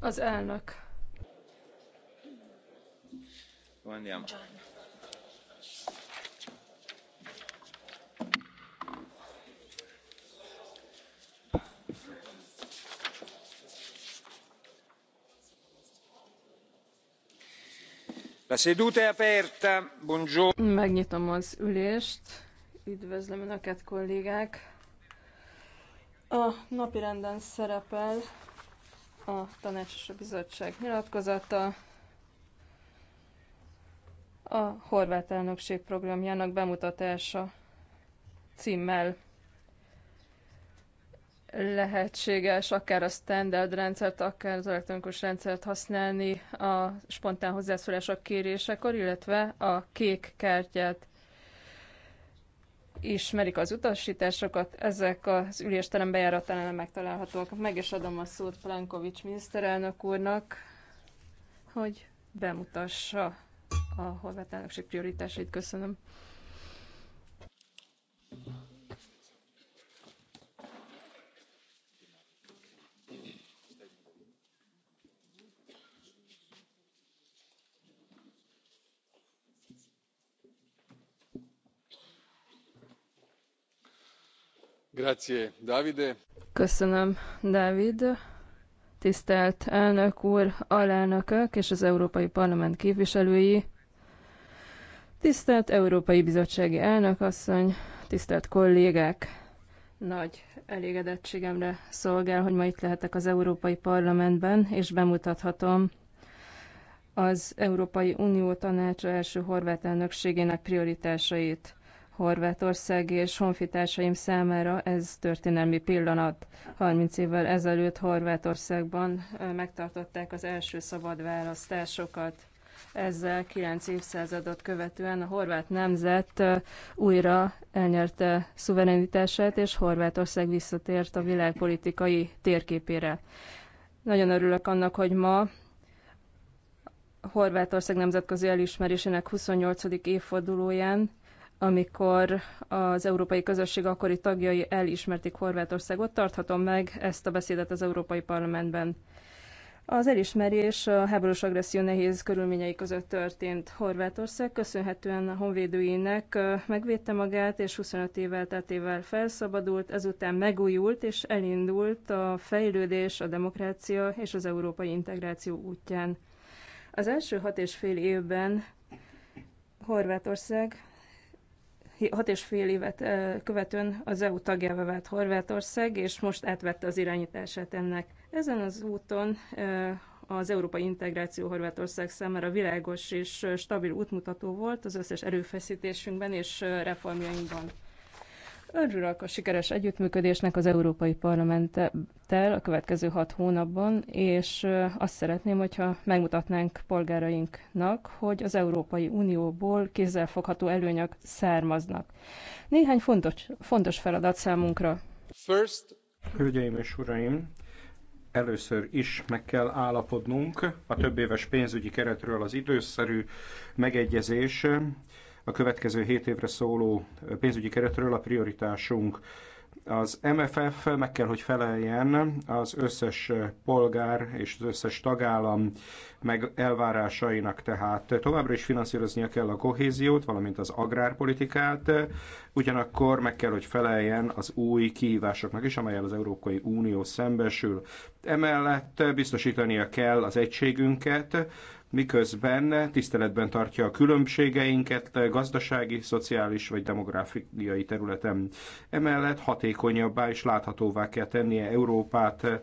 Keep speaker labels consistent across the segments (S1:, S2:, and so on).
S1: Az elnök. Andiamo.
S2: La seduta è aperta. Buongiorno.
S1: Megnyitom az ülést. Üdvözlöm Önöket, kollégák! A napirenden szerepel a Tanács és a Bizottság nyilatkozata a Horvát Elnökség programjának bemutatása címmel lehetséges akár a standard rendszert, akár az elektronikus rendszert használni a spontán hozzászólások kérésekor, illetve a kék kártyát ismerik az utasításokat, ezek az ülésterem bejáratánál megtalálhatóak. Meg is adom a szót Plankovics miniszterelnök úrnak, hogy bemutassa a horvát elnökség prioritásait. Köszönöm. Köszönöm, Dávid. Tisztelt elnök úr, alelnökök és az Európai Parlament képviselői, tisztelt Európai Bizottsági asszony, tisztelt kollégák, nagy elégedettségemre szolgál, hogy ma itt lehetek az Európai Parlamentben, és bemutathatom az Európai Unió tanácsa első horvát elnökségének prioritásait. Horvátország és honfitársaim számára ez történelmi pillanat. 30 évvel ezelőtt Horvátországban megtartották az első szabad választásokat. Ezzel 9 évszázadot követően a horvát nemzet újra elnyerte szuverenitását, és Horvátország visszatért a világpolitikai térképére. Nagyon örülök annak, hogy ma Horvátország nemzetközi elismerésének 28. évfordulóján amikor az európai közösség akkori tagjai elismerték Horvátországot, tarthatom meg ezt a beszédet az Európai Parlamentben. Az elismerés a háborús agresszió nehéz körülményei között történt Horvátország, köszönhetően a honvédőinek megvédte magát, és 25 év elteltével felszabadult, ezután megújult, és elindult a fejlődés, a demokrácia és az európai integráció útján. Az első hat és fél évben Horvátország hat és fél évet követően az EU tagjává vált Horvátország, és most átvette az irányítását ennek. Ezen az úton az európai integráció Horvátország számára világos és stabil útmutató volt az összes erőfeszítésünkben és reformjainkban. Örülök a sikeres együttműködésnek az Európai Parlamenttel a következő hat hónapban, és azt szeretném, hogyha megmutatnánk polgárainknak, hogy az Európai Unióból kézzelfogható előnyök származnak. Néhány fontos, fontos feladat számunkra.
S2: First... Hölgyeim és uraim, először is meg kell állapodnunk a több éves pénzügyi keretről az időszerű megegyezés a következő 7 évre szóló pénzügyi keretről a prioritásunk. Az MFF meg kell, hogy feleljen az összes polgár és az összes tagállam meg elvárásainak, tehát továbbra is finanszíroznia kell a kohéziót, valamint az agrárpolitikát, ugyanakkor meg kell, hogy feleljen az új kihívásoknak is, amelyel az Európai Unió szembesül. Emellett biztosítania kell az egységünket, miközben tiszteletben tartja a különbségeinket gazdasági, szociális vagy demográfiai területen. Emellett hatékonyabbá és láthatóvá kell tennie Európát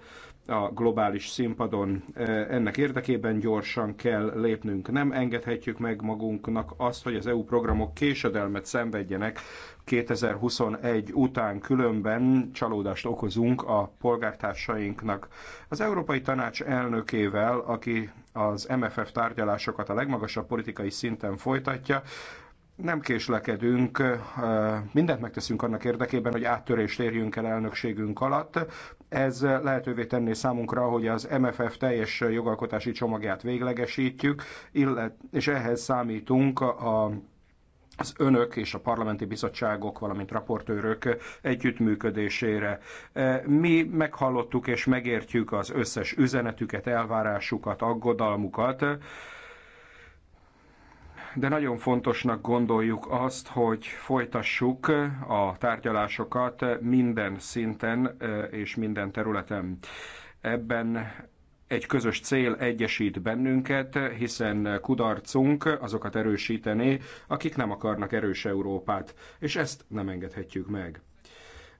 S2: a globális színpadon. E, ennek érdekében gyorsan kell lépnünk. Nem engedhetjük meg magunknak azt, hogy az EU programok késedelmet szenvedjenek 2021 után, különben csalódást okozunk a polgártársainknak. Az Európai Tanács elnökével, aki az MFF tárgyalásokat a legmagasabb politikai szinten folytatja, nem késlekedünk, e, mindent megteszünk annak érdekében, hogy áttörést érjünk el elnökségünk alatt. Ez lehetővé tenné számunkra, hogy az MFF teljes jogalkotási csomagját véglegesítjük, illet, és ehhez számítunk a az önök és a parlamenti bizottságok, valamint raportőrök együttműködésére. E, mi meghallottuk és megértjük az összes üzenetüket, elvárásukat, aggodalmukat de nagyon fontosnak gondoljuk azt, hogy folytassuk a tárgyalásokat minden szinten és minden területen. Ebben egy közös cél egyesít bennünket, hiszen kudarcunk azokat erősíteni, akik nem akarnak erős Európát, és ezt nem engedhetjük meg.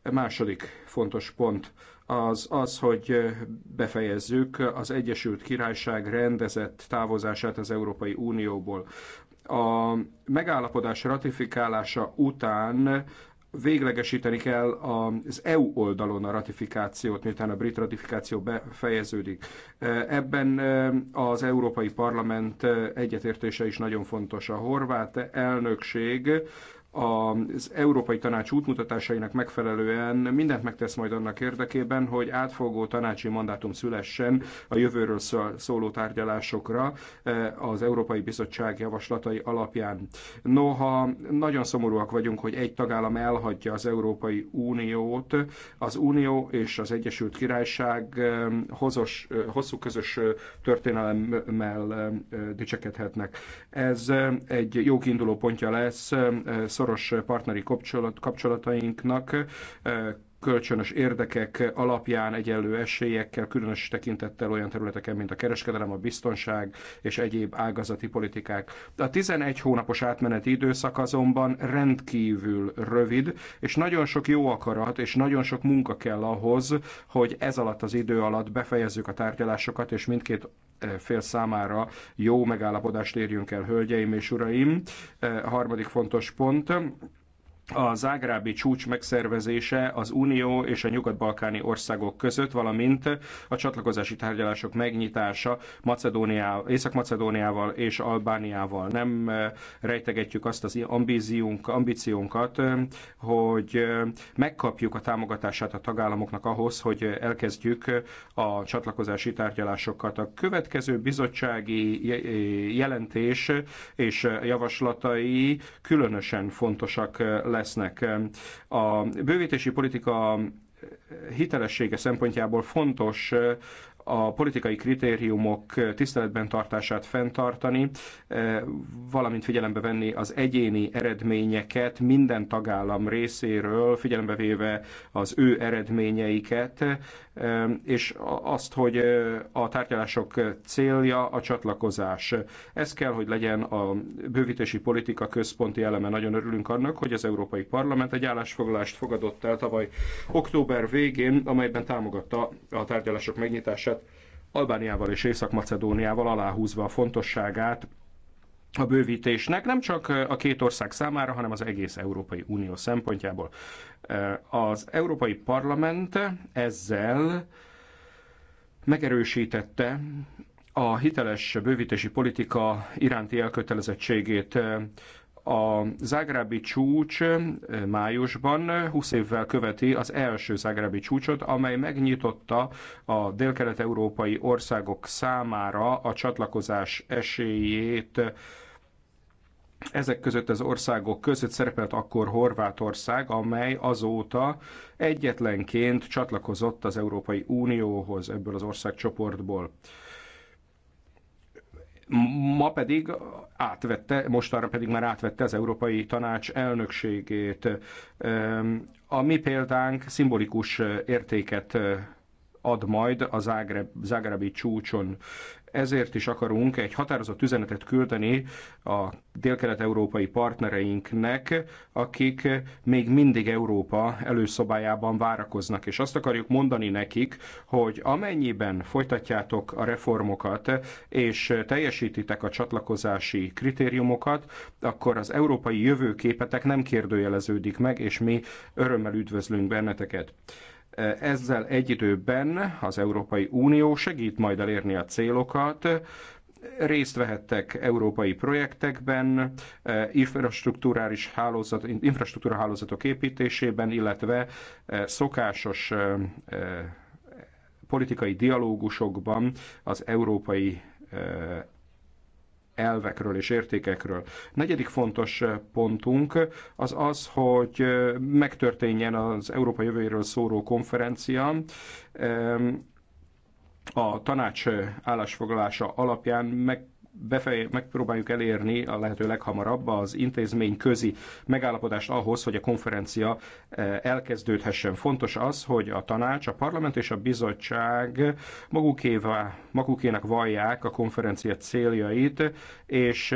S2: A második fontos pont az az, hogy befejezzük az Egyesült Királyság rendezett távozását az Európai Unióból. A megállapodás ratifikálása után véglegesíteni kell az EU oldalon a ratifikációt, miután a brit ratifikáció befejeződik. Ebben az Európai Parlament egyetértése is nagyon fontos. A horvát elnökség az Európai Tanács útmutatásainak megfelelően mindent megtesz majd annak érdekében, hogy átfogó tanácsi mandátum szülessen a jövőről szóló tárgyalásokra e, az Európai Bizottság javaslatai alapján. Noha nagyon szomorúak vagyunk, hogy egy tagállam elhagyja az Európai Uniót, az Unió és az Egyesült Királyság e, hozos, e, hosszú közös történelemmel dicsekedhetnek. Ez egy jó kiinduló pontja lesz szoros partneri kapcsolatainknak e, kölcsönös érdekek alapján egyenlő esélyekkel, különös tekintettel olyan területeken, mint a kereskedelem, a biztonság és egyéb ágazati politikák. A 11 hónapos átmeneti időszak azonban rendkívül rövid, és nagyon sok jó akarat és nagyon sok munka kell ahhoz, hogy ez alatt az idő alatt befejezzük a tárgyalásokat, és mindkét fél számára jó megállapodást érjünk el, hölgyeim és uraim. A eh, harmadik fontos pont, az ágrábi csúcs megszervezése az Unió és a nyugat-balkáni országok között, valamint a csatlakozási tárgyalások megnyitása Észak-Macedóniával és Albániával. Nem eh, rejtegetjük azt az ambíziunk, ambíciónkat, eh, hogy eh, megkapjuk a támogatását a tagállamoknak ahhoz, hogy elkezdjük a csatlakozási tárgyalásokat. A következő bizottsági jelentés és javaslatai különösen fontosak lesz lesznek. A bővítési politika hitelessége szempontjából fontos a politikai kritériumok tiszteletben tartását fenntartani, eh, valamint figyelembe venni az egyéni eredményeket minden tagállam részéről, figyelembe véve az ő eredményeiket, eh, és azt, hogy eh, a tárgyalások célja a csatlakozás. Ez kell, hogy legyen a bővítési politika központi eleme. Nagyon örülünk annak, hogy az Európai Parlament egy állásfoglalást fogadott el tavaly október végén, amelyben támogatta a tárgyalások megnyitását Albániával és Észak-Macedóniával aláhúzva a fontosságát a bővítésnek nem csak a két ország számára, hanem az egész Európai Unió szempontjából. Az Európai Parlament ezzel megerősítette a hiteles bővítési politika iránti elkötelezettségét a zágrábi csúcs eh, májusban 20 évvel követi az első zágrábi csúcsot, amely megnyitotta a délkelet-európai országok számára a csatlakozás esélyét ezek között az országok között szerepelt akkor Horvátország, amely azóta egyetlenként csatlakozott az Európai Unióhoz ebből az országcsoportból ma pedig átvette, mostanra pedig már átvette az Európai Tanács elnökségét. A mi példánk szimbolikus értéket ad majd a Zágreb, Zágrebi csúcson ezért is akarunk egy határozott üzenetet küldeni a délkelet-európai partnereinknek, akik még mindig Európa előszobájában várakoznak. És azt akarjuk mondani nekik, hogy amennyiben folytatjátok a reformokat, és teljesítitek a csatlakozási kritériumokat, akkor az európai jövőképetek nem kérdőjeleződik meg, és mi örömmel üdvözlünk benneteket. Ezzel egy időben az Európai Unió segít majd elérni a célokat, részt vehettek európai projektekben, eh, infrastruktúrális hálózat, infrastruktúra hálózatok építésében, illetve eh, szokásos eh, politikai dialógusokban az európai elvekről és értékekről. Negyedik fontos eh, pontunk az az, hogy eh, megtörténjen az Európa jövőjéről szóró konferencia, eh, a tanács állásfoglalása alapján meg befej, megpróbáljuk elérni a lehető leghamarabb az intézmény közi megállapodást ahhoz, hogy a konferencia eh, elkezdődhessen. Fontos az, hogy a tanács, a parlament és a bizottság magukéva, magukének vallják a konferencia céljait, és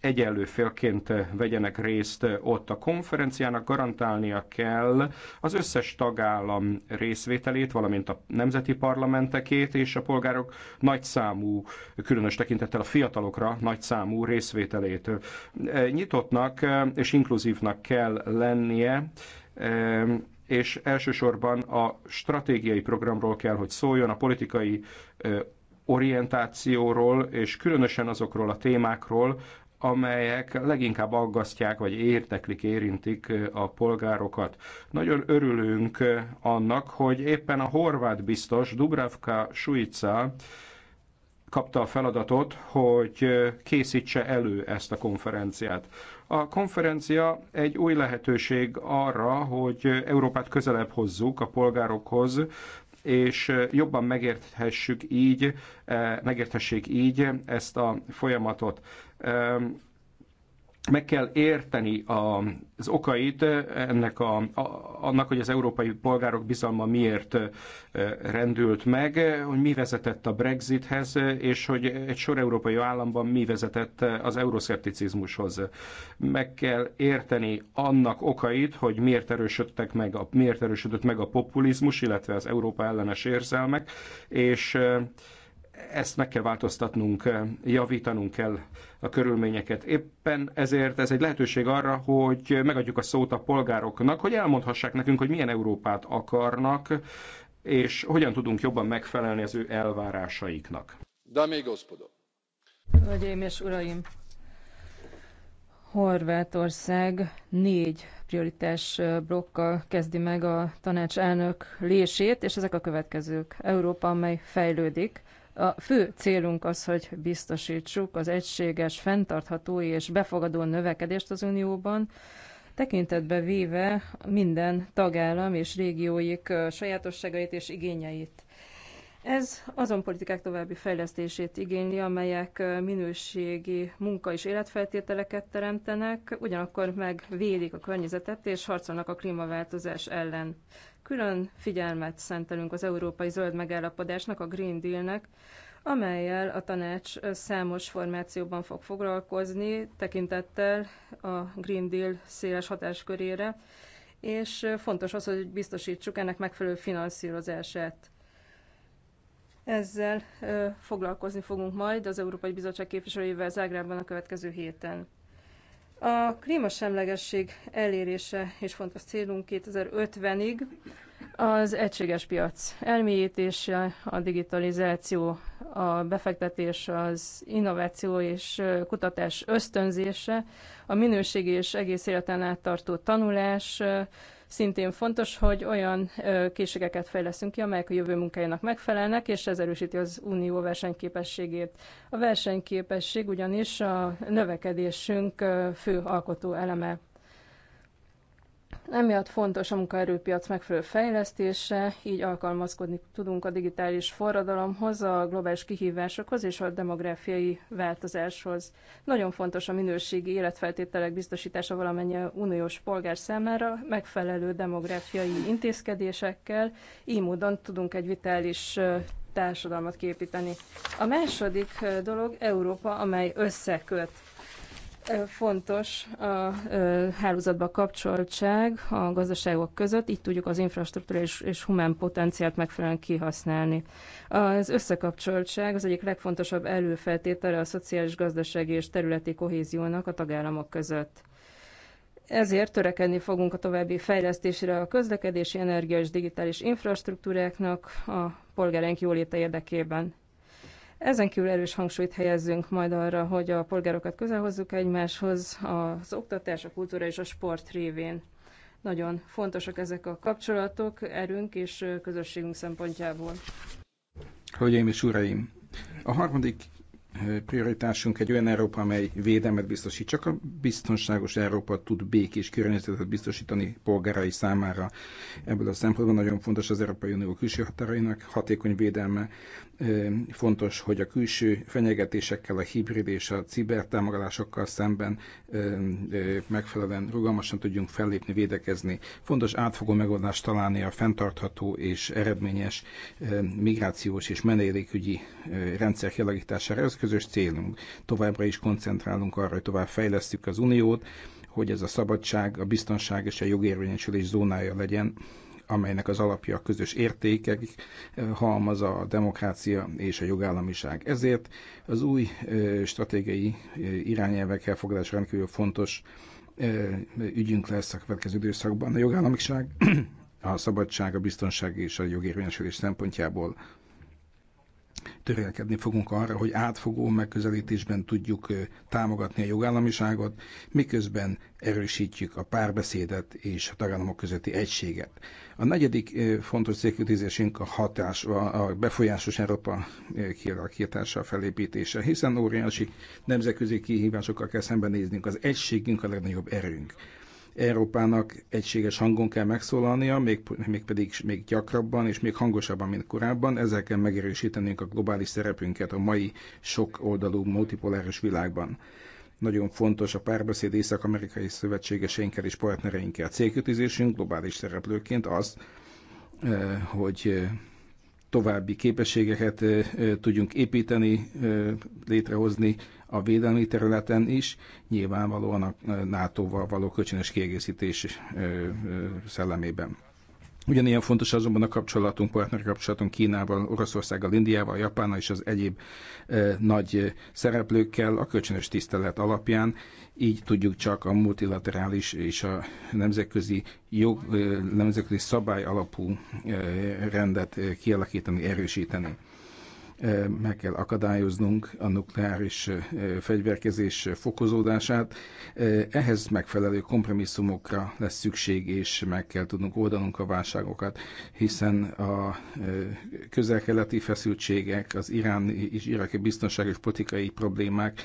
S2: egyenlő félként vegyenek részt ott a konferenciának, garantálnia kell az összes tagállam részvételét, valamint a nemzeti parlamentekét és a polgárok nagyszámú, különös tekintettel a fiatalokra nagyszámú részvételét. Nyitottnak és inkluzívnak kell lennie, és elsősorban a stratégiai programról kell, hogy szóljon, a politikai orientációról, és különösen azokról a témákról, amelyek leginkább aggasztják, vagy érteklik, érintik a polgárokat. Nagyon örülünk annak, hogy éppen a horvát biztos Dubravka Suica kapta a feladatot, hogy készítse elő ezt a konferenciát. A konferencia egy új lehetőség arra, hogy Európát közelebb hozzuk a polgárokhoz, és jobban megérthessük így, megérthessék így ezt a folyamatot meg kell érteni az okait eh, ennek a, a, annak, hogy az európai polgárok bizalma miért eh, rendült meg, eh, hogy mi vezetett a Brexithez, és hogy egy sor európai államban mi vezetett az euroszkepticizmushoz. Meg kell érteni annak okait, hogy miért, erősödtek meg a, miért erősödött meg a populizmus, illetve az Európa ellenes érzelmek, és ezt meg kell változtatnunk, javítanunk kell a körülményeket. Éppen ezért ez egy lehetőség arra, hogy megadjuk a szót a polgároknak, hogy elmondhassák nekünk, hogy milyen Európát akarnak, és hogyan tudunk jobban megfelelni az ő elvárásaiknak.
S1: Dame és gospodo. Hölgyeim és uraim, Horvátország négy prioritás blokkal kezdi meg a tanács elnök lését, és ezek a következők. Európa, amely fejlődik, a fő célunk az, hogy biztosítsuk az egységes, fenntartható és befogadó növekedést az Unióban, tekintetbe véve minden tagállam és régióik sajátosságait és igényeit. Ez azon politikák további fejlesztését igényli, amelyek minőségi munka és életfeltételeket teremtenek, ugyanakkor megvédik a környezetet és harcolnak a klímaváltozás ellen. Külön figyelmet szentelünk az európai zöld megállapodásnak, a Green Dealnek, amelyel a tanács számos formációban fog foglalkozni, tekintettel a Green Deal széles hatáskörére, és fontos az, hogy biztosítsuk ennek megfelelő finanszírozását. Ezzel foglalkozni fogunk majd az Európai Bizottság képviselőjével Zágrában a következő héten. A klímasemlegesség elérése és fontos célunk 2050-ig az egységes piac elmélyítése, a digitalizáció, a befektetés, az innováció és kutatás ösztönzése, a minőségi és egész életen át tartó tanulás, Szintén fontos, hogy olyan készségeket fejleszünk ki, amelyek a jövő munkájának megfelelnek, és ez erősíti az unió versenyképességét. A versenyképesség ugyanis a növekedésünk fő alkotó eleme. Emiatt fontos a munkaerőpiac megfelelő fejlesztése, így alkalmazkodni tudunk a digitális forradalomhoz, a globális kihívásokhoz és a demográfiai változáshoz. Nagyon fontos a minőségi életfeltételek biztosítása valamennyi uniós polgár számára megfelelő demográfiai intézkedésekkel, így módon tudunk egy vitális társadalmat képíteni. A második dolog Európa, amely összeköt Fontos a hálózatba kapcsoltság a gazdaságok között, így tudjuk az és, és humán potenciált megfelelően kihasználni. Az összekapcsoltság az egyik legfontosabb előfeltétele a szociális, gazdasági és területi kohéziónak a tagállamok között. Ezért törekedni fogunk a további fejlesztésre a közlekedési, energia és digitális infrastruktúráknak a polgáraink jóléte érdekében. Ezen kívül erős hangsúlyt helyezzünk majd arra, hogy a polgárokat közel hozzuk egymáshoz az oktatás, a kultúra és a sport révén. Nagyon fontosak ezek a kapcsolatok erőnk és közösségünk szempontjából.
S3: Hölgyeim és uraim! A harmadik prioritásunk egy olyan Európa, amely védelmet biztosít. Csak a biztonságos Európa tud békés környezetet biztosítani polgárai számára. Ebből a szempontból nagyon fontos az Európai Unió külső határainak hatékony védelme. Fontos, hogy a külső fenyegetésekkel, a hibrid és a támogatásokkal szemben megfelelően rugalmasan tudjunk fellépni, védekezni. Fontos átfogó megoldást találni a fenntartható és eredményes migrációs és menedékügyi rendszer kialakítására. Ez közös célunk. Továbbra is koncentrálunk arra, hogy tovább fejlesztjük az uniót, hogy ez a szabadság, a biztonság és a jogérvényesülés zónája legyen, amelynek az alapja a közös értékek, eh, halmaz a demokrácia és a jogállamiság. Ezért az új eh, stratégiai eh, irányelvek elfogadása rendkívül fontos ügyünk lesz a következő időszakban. A jogállamiság, a szabadság, a biztonság és a jogérvényesülés szempontjából törekedni fogunk arra, hogy átfogó megközelítésben tudjuk támogatni a jogállamiságot, miközben erősítjük a párbeszédet és a tagállamok közötti egységet. A negyedik fontos célkütőzésünk a hatás, a befolyásos Európa kialakítása, felépítése, hiszen óriási nemzetközi kihívásokkal kell szembenéznünk, az egységünk a legnagyobb erőnk. Európának egységes hangon kell megszólalnia, még, még pedig még gyakrabban és még hangosabban, mint korábban. Ezzel kell megerősítenünk a globális szerepünket a mai sok oldalú multipoláris világban. Nagyon fontos a párbeszéd észak-amerikai szövetségeseinkkel és partnereinkkel. Célkötőzésünk globális szereplőként az, eh, hogy eh, további képességeket eh, tudjunk építeni, létrehozni, a védelmi területen is, nyilvánvalóan a NATO-val való kölcsönös kiegészítés szellemében. Ugyanilyen fontos azonban a kapcsolatunk, partner kapcsolatunk Kínával, Oroszországgal, Indiával, Japánnal és az egyéb e, nagy szereplőkkel a kölcsönös tisztelet alapján. Így tudjuk csak a multilaterális és a nemzetközi, jog, nemzetközi szabály alapú e, rendet e, kialakítani, erősíteni meg kell akadályoznunk a nukleáris fegyverkezés fokozódását. Ehhez megfelelő kompromisszumokra lesz szükség, és meg kell tudnunk oldanunk a válságokat, hiszen a közelkeleti feszültségek, az iráni és iraki biztonságos politikai problémák,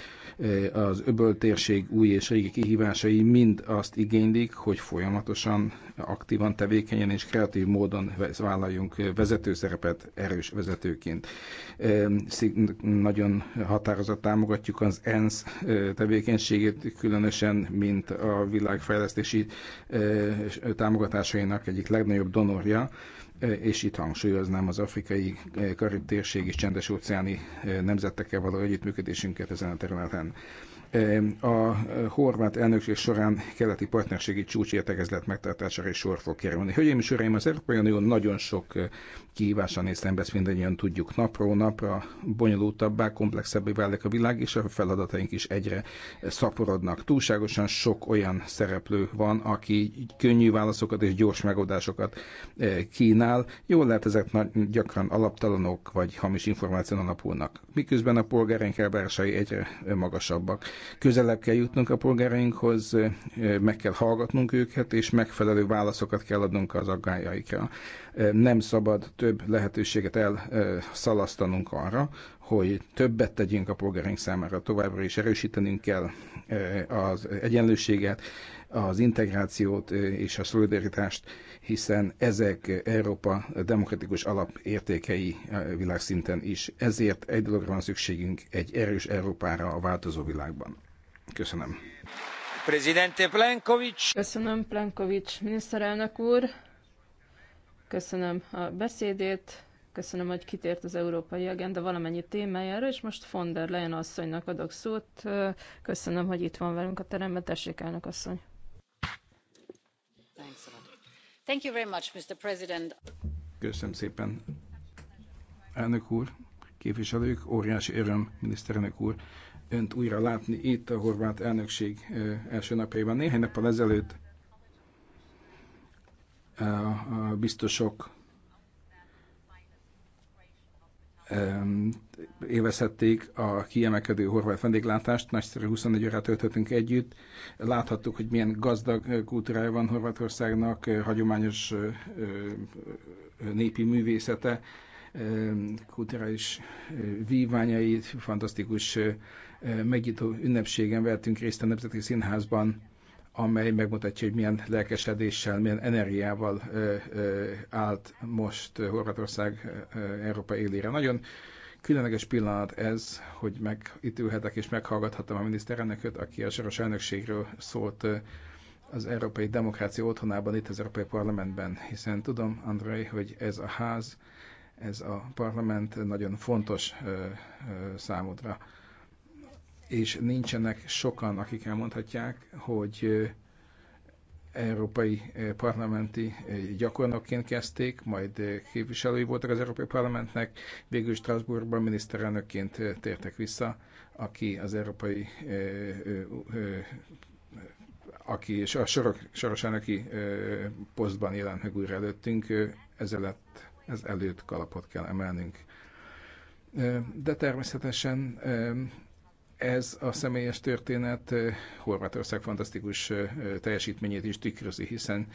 S3: az öböltérség új és régi kihívásai mind azt igénylik, hogy folyamatosan aktívan, tevékenyen és kreatív módon vállaljunk vezető szerepet erős vezetőként. Nagyon határozott támogatjuk az ENSZ tevékenységét, különösen, mint a világfejlesztési támogatásainak egyik legnagyobb donorja és itt hangsúlyoznám az afrikai karib térség és csendes óceáni nemzetekkel való együttműködésünket ezen a területen a horvát elnökség során keleti partnerségi csúcsértekezlet megtartására is sor fog kerülni. Hölgyeim és uraim, az Európai Unió nagyon sok kihívással néz szembe, ezt mindannyian tudjuk napról napra, bonyolultabbá, komplexebbé válik a világ, és a feladataink is egyre szaporodnak. Túlságosan sok olyan szereplő van, aki könnyű válaszokat és gyors megoldásokat eh, kínál. Jól lehet, ezek gyakran alaptalanok vagy hamis információn alapulnak. Miközben a polgáraink elvárásai egyre magasabbak. Közelebb kell jutnunk a polgárainkhoz, eh, meg kell hallgatnunk őket, és megfelelő válaszokat kell adnunk az aggájaikra. Nem szabad több lehetőséget elszalasztanunk arra, hogy többet tegyünk a polgáraink számára továbbra, is erősítenünk kell e, az egyenlőséget, az integrációt e, és a szolidaritást, hiszen ezek Európa demokratikus alapértékei e, világszinten is. Ezért egy dologra van szükségünk, egy erős Európára a változó világban. Köszönöm.
S1: Presidente Plenković. Köszönöm, Plenković miniszterelnök úr. Köszönöm a beszédét, köszönöm, hogy kitért az európai agenda valamennyi témájára, és most Fonder der Leyen asszonynak adok szót. Köszönöm, hogy itt van velünk a teremben. Tessék, elnök asszony.
S2: Thank you very much, Mr. President.
S3: Köszönöm szépen. Elnök úr, képviselők, óriási öröm, miniszterelnök úr, önt újra látni itt a horvát elnökség eh, első napjaiban. Néhány nappal ezelőtt biztosok évezhették a kiemelkedő horvát vendéglátást, nagyszerű 24 órát töltöttünk együtt. Láthattuk, hogy milyen gazdag kultúrája van Horvátországnak, eh, hagyományos eh, eh, népi művészete, kulturális víványai. fantasztikus megnyitó ünnepségen vettünk részt a Nemzeti Színházban amely megmutatja, hogy milyen lelkesedéssel, milyen energiával állt most Horvátország Európa élére. Nagyon különleges pillanat ez, hogy meg itt ülhetek és meghallgathatom a miniszterelnököt, aki a soros elnökségről szólt az európai demokrácia otthonában, itt az Európai Parlamentben, hiszen tudom, Andrei, hogy ez a ház, ez a parlament nagyon fontos ö, ö, számodra és nincsenek sokan, akik elmondhatják, hogy európai parlamenti gyakornokként kezdték, majd képviselői voltak az Európai Parlamentnek, végül Strasbourgban miniszterelnökként tértek vissza, aki az európai aki és a sorok, soros elnöki posztban jelent meg újra előttünk, ezelőtt, ez előtt kalapot kell emelnünk. De természetesen ez a személyes történet Horvátország fantasztikus teljesítményét is tükrözi, hiszen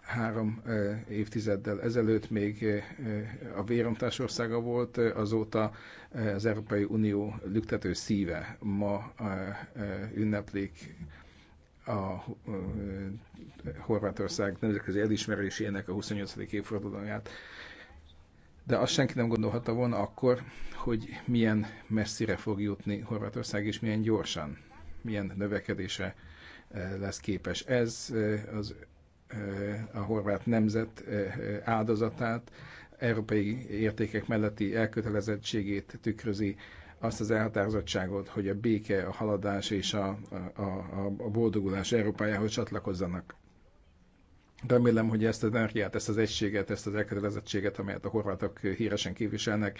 S3: három évtizeddel ezelőtt még a véromtás országa volt, azóta az Európai Unió lüktető szíve. Ma ünneplik a Horvátország nemzetközi elismerésének a 28. évfordulóját. De azt senki nem gondolhatta volna akkor, hogy milyen messzire fog jutni Horvátország, és milyen gyorsan, milyen növekedésre eh, lesz képes. Ez eh, az, eh, a horvát nemzet áldozatát, európai értékek melletti elkötelezettségét tükrözi, azt az elhatározottságot, hogy a béke, a haladás és a, a, a boldogulás Európájához csatlakozzanak. Remélem, hogy ezt az energiát, ezt az egységet, ezt az elkötelezettséget, amelyet a horvátok híresen képviselnek,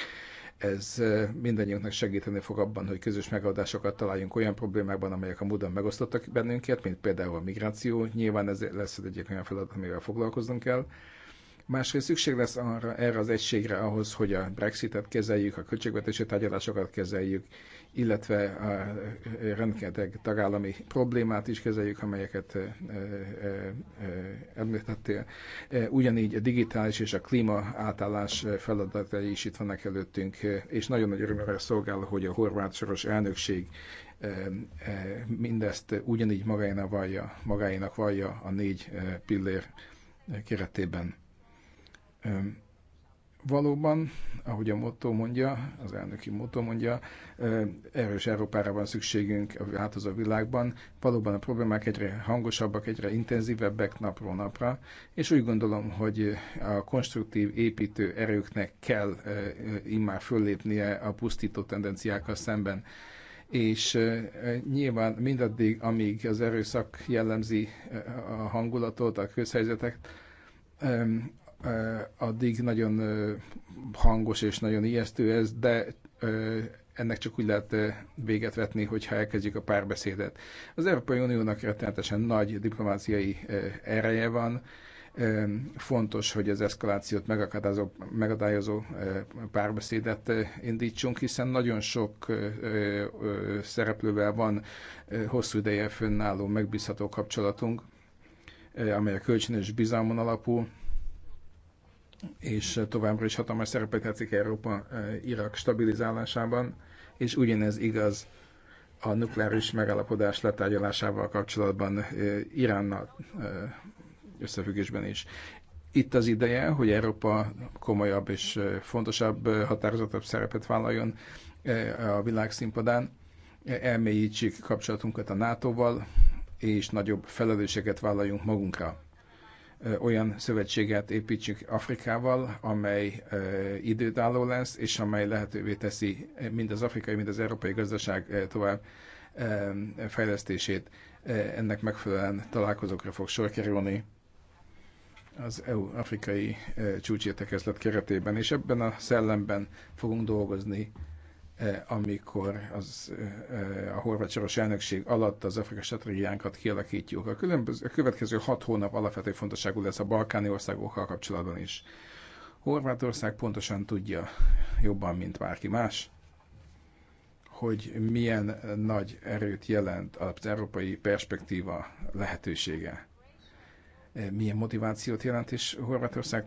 S3: ez mindannyiunknak segíteni fog abban, hogy közös megoldásokat találjunk olyan problémákban, amelyek a módon megosztottak bennünket, mint például a migráció. Nyilván ez lesz egy olyan feladat, amivel foglalkoznunk kell. Másrészt szükség lesz arra, erre az egységre ahhoz, hogy a Brexitet kezeljük, a költségvetési tárgyalásokat kezeljük, illetve a e, e, rengeteg tagállami problémát is kezeljük, amelyeket e, említettél. Ugyanígy a digitális és a klíma átállás feladatai is itt vannak előttünk, és nagyon nagy örömmel szolgál, hogy a horvát soros elnökség mindezt ugyanígy magáinak vallja, magáinak vallja a négy pillér keretében. Valóban, ahogy a motto mondja, az elnöki motto mondja, erős Európára van szükségünk hát a változó világban. Valóban a problémák egyre hangosabbak, egyre intenzívebbek napról napra, és úgy gondolom, hogy a konstruktív építő erőknek kell immár föllépnie a pusztító tendenciákkal szemben és nyilván mindaddig, amíg az erőszak jellemzi a hangulatot, a közhelyzetet, addig nagyon hangos és nagyon ijesztő ez, de ennek csak úgy lehet véget vetni, hogyha elkezdjük a párbeszédet. Az Európai Uniónak rettenetesen nagy diplomáciai ereje van, fontos, hogy az eszkalációt megakadályozó, megadályozó párbeszédet indítsunk, hiszen nagyon sok szereplővel van hosszú ideje fönnálló megbízható kapcsolatunk, amely a kölcsönös bizalmon alapul, és továbbra is hatalmas szerepet játszik Európa e, Irak stabilizálásában, és ugyanez igaz a nukleáris megállapodás letárgyalásával kapcsolatban e, Iránnal e, összefüggésben is. Itt az ideje, hogy Európa komolyabb és fontosabb, határozottabb szerepet vállaljon a világ színpadán, elmélyítsük kapcsolatunkat a NATO-val, és nagyobb felelősséget vállaljunk magunkra olyan szövetséget építsük Afrikával, amely időtálló lesz, és amely lehetővé teszi mind az afrikai, mind az európai gazdaság tovább fejlesztését. Ennek megfelelően találkozókra fog sor kerülni az EU-afrikai csúcsértekezlet keretében, és ebben a szellemben fogunk dolgozni Eh, amikor az, eh, eh, a horvát soros elnökség alatt az Afrika stratégiánkat kialakítjuk. A, különböző, a következő hat hónap alapvető fontosságú lesz a balkáni országokkal kapcsolatban is. Horvátország pontosan tudja, jobban, mint bárki más, hogy milyen nagy erőt jelent az európai perspektíva lehetősége. Milyen motivációt jelent, és Horvátország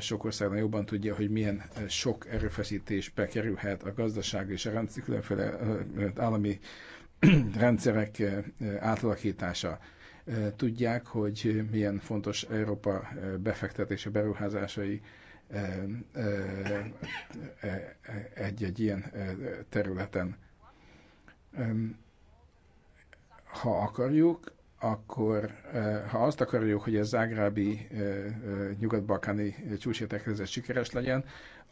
S3: sok országban jobban tudja, hogy milyen eh, sok erőfeszítés bekerülhet a gazdaság és a rendszer, különféle eh, eh, állami rendszerek átalakítása. Tudják, hogy milyen fontos Európa befektetése, beruházásai egy-egy ilyen területen. Ha akarjuk, akkor eh, ha azt akarjuk, hogy a zágrábi eh, eh, nyugat-balkáni csúcsértekezés sikeres legyen,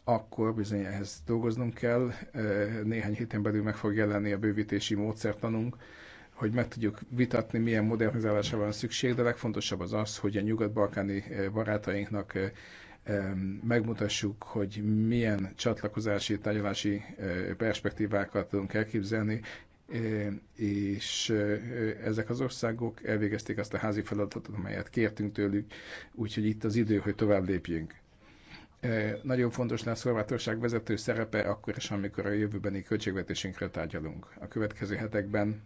S3: akkor bizony ehhez dolgoznunk kell. Néhány héten belül meg fog jelenni a bővítési módszertanunk, hogy meg tudjuk vitatni, milyen modernizálásra van szükség, de legfontosabb az az, hogy a nyugat-balkáni barátainknak megmutassuk, hogy milyen csatlakozási, tárgyalási perspektívákat tudunk elképzelni, és ezek az országok elvégezték azt a házi feladatot, amelyet kértünk tőlük, úgyhogy itt az idő, hogy tovább lépjünk. Nagyon fontos lesz Horvátország vezető szerepe akkor is, amikor a jövőbeni költségvetésünkre tárgyalunk. A következő hetekben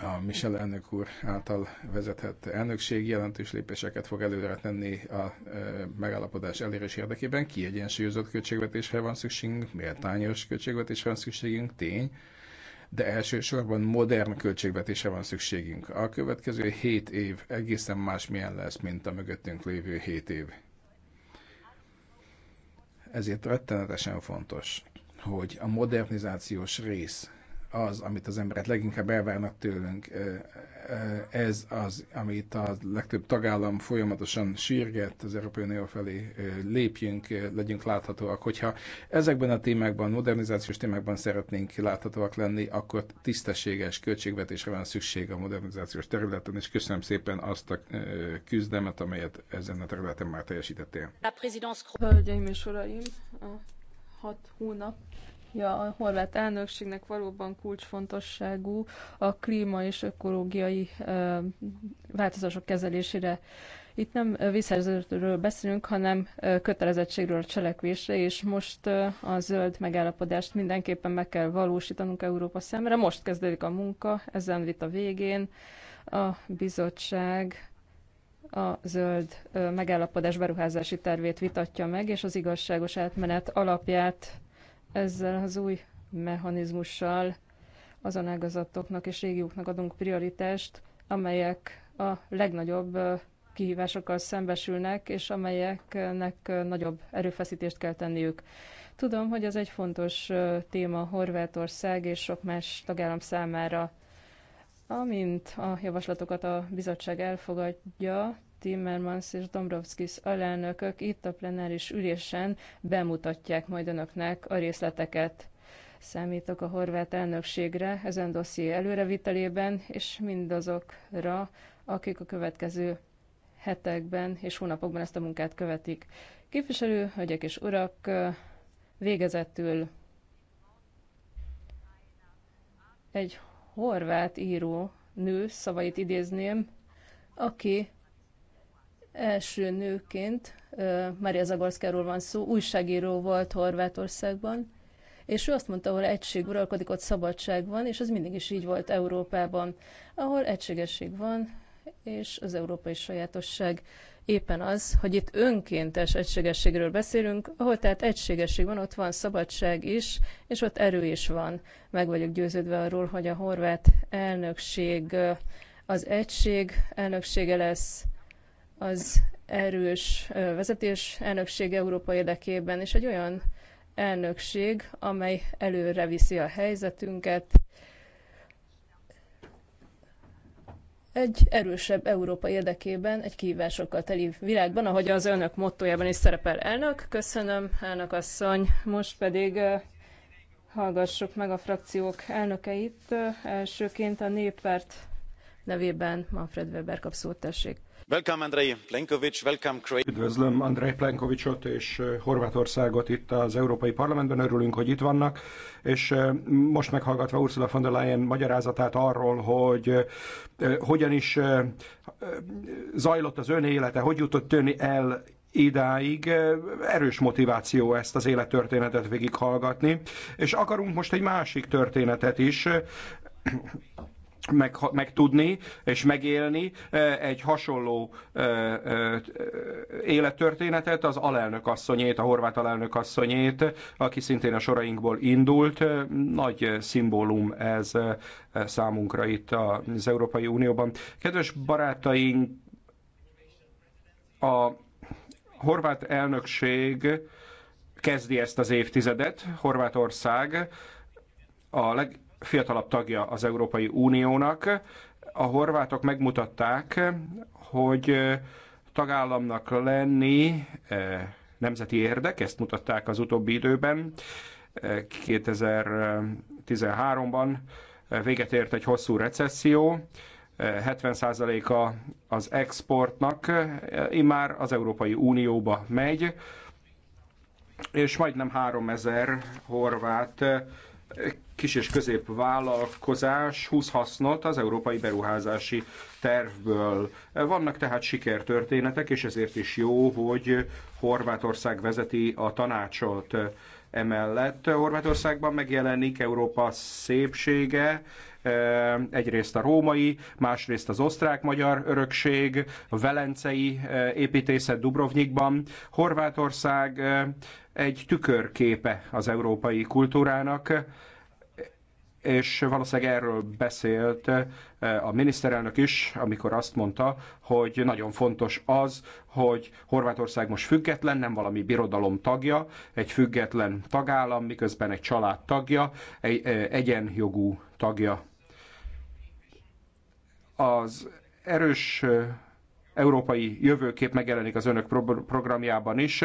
S3: a Michel elnök úr által vezetett elnökség jelentős lépéseket fog előre tenni a e, megállapodás elérés érdekében. Kiegyensúlyozott költségvetésre van szükségünk, méltányos költségvetésre van szükségünk, tény, de elsősorban modern költségvetésre van szükségünk. A következő 7 év egészen másmilyen lesz, mint a mögöttünk lévő 7 év. Ezért rettenetesen fontos, hogy a modernizációs rész az, amit az emberek leginkább elvárnak tőlünk. Ez az, amit a legtöbb tagállam folyamatosan sírget az Európai Unió felé, lépjünk, legyünk láthatóak. Hogyha ezekben a témákban, modernizációs témákban szeretnénk láthatóak lenni, akkor tisztességes költségvetésre van szükség a modernizációs területen, és köszönöm szépen azt a küzdemet, amelyet ezen a területen már teljesítettél.
S1: Hölgyeim és uraim, a hat hónap Ja, a horvát elnökségnek valóban kulcsfontosságú a klíma és ökológiai változások kezelésére. Itt nem visszajelzőről beszélünk, hanem kötelezettségről a cselekvésre, és most a zöld megállapodást mindenképpen meg kell valósítanunk Európa szemre. Most kezdődik a munka, ezen vita végén a bizottság a zöld megállapodás beruházási tervét vitatja meg, és az igazságos átmenet alapját ezzel az új mechanizmussal azon ágazatoknak és régióknak adunk prioritást, amelyek a legnagyobb kihívásokkal szembesülnek, és amelyeknek nagyobb erőfeszítést kell tenniük. Tudom, hogy ez egy fontos téma Horvátország és sok más tagállam számára. Amint a javaslatokat a bizottság elfogadja, Timmermans és Dombrovskis alelnökök itt a plenáris ülésen bemutatják majd önöknek a részleteket. Számítok a horvát elnökségre ezen dosszié előrevitelében, és mindazokra, akik a következő hetekben és hónapokban ezt a munkát követik. Képviselő, hölgyek és urak, végezetül egy horvát író nő szavait idézném, aki Első nőként Maria Zagorszkáról van szó, újságíró volt Horvátországban, és ő azt mondta, ahol egység uralkodik, ott szabadság van, és ez mindig is így volt Európában, ahol egységesség van, és az európai sajátosság éppen az, hogy itt önkéntes egységességről beszélünk, ahol tehát egységesség van, ott van szabadság is, és ott erő is van. Meg vagyok győződve arról, hogy a horvát elnökség az egység elnöksége lesz, az erős vezetés elnökség Európa érdekében, és egy olyan elnökség, amely előre viszi a helyzetünket, egy erősebb Európa érdekében, egy kihívásokkal teli világban, ahogy az önök mottojában is szerepel elnök. Köszönöm, elnök asszony. Most pedig hallgassuk meg a frakciók elnökeit. Elsőként a néppárt nevében Manfred Weber kap szót, tessék.
S2: Üdvözlöm andrej Plenkovićot és Horvátországot itt az Európai Parlamentben. Örülünk, hogy itt vannak. És most meghallgatva Ursula von der Leyen magyarázatát arról, hogy hogyan is zajlott az ön élete, hogy jutott ön el idáig erős motiváció ezt az élettörténetet végighallgatni, és akarunk most egy másik történetet is, meg, megtudni és megélni egy hasonló élettörténetet, az alelnök asszonyét, a horvát alelnök asszonyét, aki szintén a sorainkból indult. Nagy szimbólum ez számunkra itt az Európai Unióban. Kedves barátaink, a horvát elnökség kezdi ezt az évtizedet. Horvátország a leg, fiatalabb tagja az Európai Uniónak. A horvátok megmutatták, hogy tagállamnak lenni nemzeti érdek, ezt mutatták az utóbbi időben. 2013-ban véget ért egy hosszú recesszió, 70%-a az exportnak immár az Európai Unióba megy, és majdnem 3000 horvát kis- és középvállalkozás húz hasznot az európai beruházási tervből. Vannak tehát sikertörténetek, és ezért is jó, hogy Horvátország vezeti a tanácsot emellett. Horvátországban megjelenik Európa szépsége, egyrészt a római, másrészt az osztrák-magyar örökség, a velencei építészet Dubrovnikban. Horvátország egy tükörképe az európai kultúrának, és valószínűleg erről beszélt eh, a miniszterelnök is, amikor azt mondta, hogy nagyon fontos az, hogy Horvátország most független, nem valami birodalom tagja, egy független tagállam, miközben egy család tagja, egy eh, egyenjogú tagja. Az erős eh, európai jövőkép megjelenik az önök programjában is.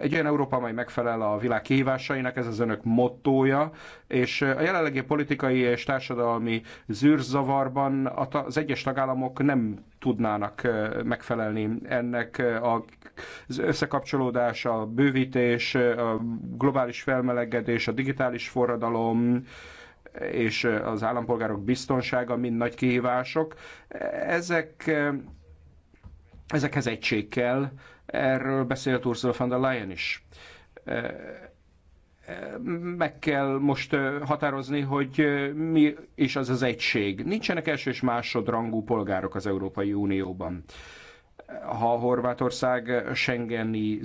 S2: Egy olyan Európa, amely megfelel a világ kihívásainak, ez az önök mottója, és a jelenlegi politikai és társadalmi zűrzavarban az egyes tagállamok nem tudnának megfelelni ennek az összekapcsolódás, a bővítés, a globális felmelegedés, a digitális forradalom, és az állampolgárok biztonsága mind nagy kihívások. Ezek Ezekhez egység kell, erről beszélt Ursula von der Leyen is meg kell most határozni, hogy mi is az az egység. Nincsenek első és másodrangú polgárok az Európai Unióban. Ha Horvátország Schengeni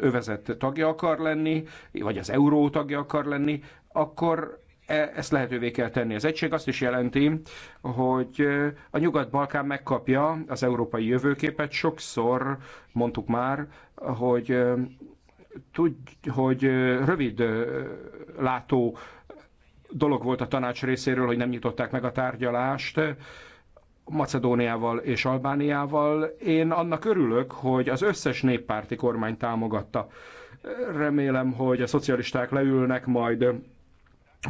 S2: övezet tagja akar lenni, vagy az euró tagja akar lenni, akkor E, ezt lehetővé kell tenni. Az egység azt is jelenti, hogy e, a Nyugat-Balkán megkapja az európai jövőképet. Sokszor mondtuk már, hogy, e, tud, hogy rövid látó dolog volt a tanács részéről, hogy nem nyitották meg a tárgyalást. Macedóniával és Albániával. Én annak örülök, hogy az összes néppárti kormány támogatta. Remélem, hogy a szocialisták leülnek majd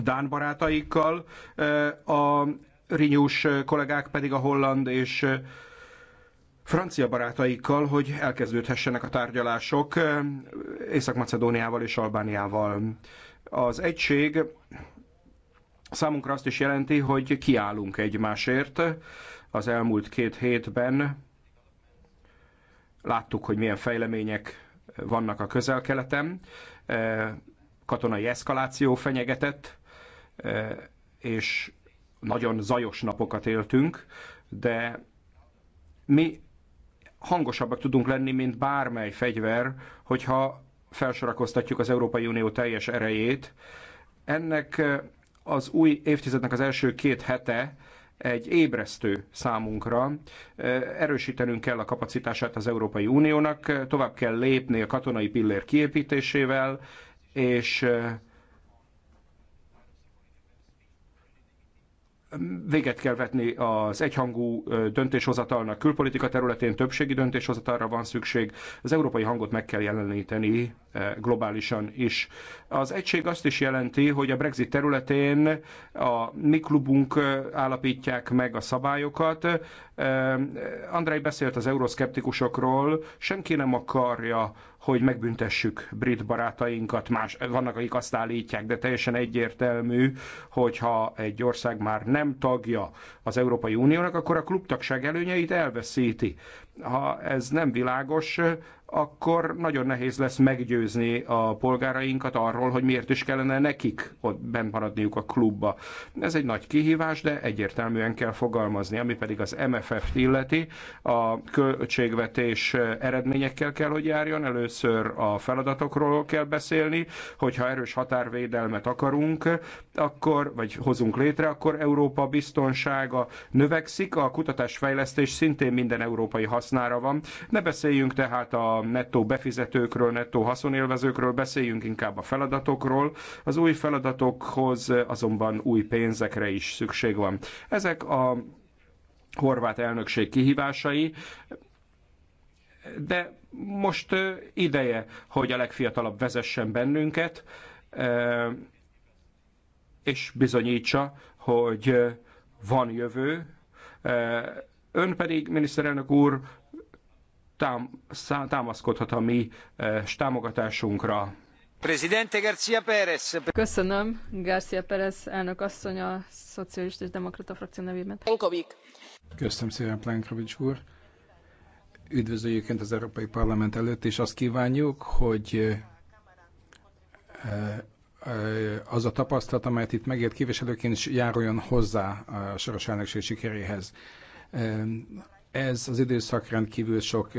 S2: Dán barátaikkal, eh, a rinyús kollégák pedig a holland és eh, francia barátaikkal, hogy elkezdődhessenek a tárgyalások eh, Észak-Macedóniával és Albániával. Az egység számunkra azt is jelenti, hogy kiállunk egymásért. Az elmúlt két hétben láttuk, hogy milyen fejlemények vannak a közel-keleten katonai eszkaláció fenyegetett, e, és nagyon zajos napokat éltünk, de mi hangosabbak tudunk lenni, mint bármely fegyver, hogyha felsorakoztatjuk az Európai Unió teljes erejét. Ennek e, az új évtizednek az első két hete egy ébresztő számunkra. E, erősítenünk kell a kapacitását az Európai Uniónak, tovább kell lépni a katonai pillér kiépítésével, és véget kell vetni az egyhangú döntéshozatalnak külpolitika területén, többségi döntéshozatalra van szükség, az európai hangot meg kell jeleníteni globálisan is. Az egység azt is jelenti, hogy a Brexit területén a mi klubunk állapítják meg a szabályokat. Andrei beszélt az euroszkeptikusokról, senki nem akarja, hogy megbüntessük brit barátainkat, más, vannak, akik azt állítják, de teljesen egyértelmű, hogyha egy ország már nem tagja az Európai Uniónak, akkor a klubtagság előnyeit elveszíti. Ha ez nem világos, akkor nagyon nehéz lesz meggyőzni a polgárainkat arról, hogy miért is kellene nekik ott bent maradniuk a klubba. Ez egy nagy kihívás, de egyértelműen kell fogalmazni, ami pedig az MFF-t illeti. A költségvetés eredményekkel kell, hogy járjon. Először a feladatokról kell beszélni, hogyha erős határvédelmet akarunk, akkor, vagy hozunk létre, akkor Európa biztonsága növekszik, a kutatásfejlesztés szintén minden európai hasznára van. Ne beszéljünk tehát a nettó befizetőkről, nettó haszonélvezőkről, beszéljünk inkább a feladatokról. Az új feladatokhoz azonban új pénzekre is szükség van. Ezek a horvát elnökség kihívásai, de most ideje, hogy a legfiatalabb vezessen bennünket, és bizonyítsa, hogy van jövő. Ön pedig, miniszterelnök úr, tám, támaszkodhat a mi e, támogatásunkra. Presidente
S1: García Pérez. Köszönöm, García Pérez elnök asszony a Szocialista és Demokrata frakció nevében. Plenkovic.
S3: Köszönöm szépen, Plenkovic úr. Üdvözöljük az Európai Parlament előtt, és azt kívánjuk, hogy e, e, az a tapasztalat, amelyet itt megért képviselőként is járuljon hozzá a soros elnökség sikeréhez ez az időszak rendkívül sok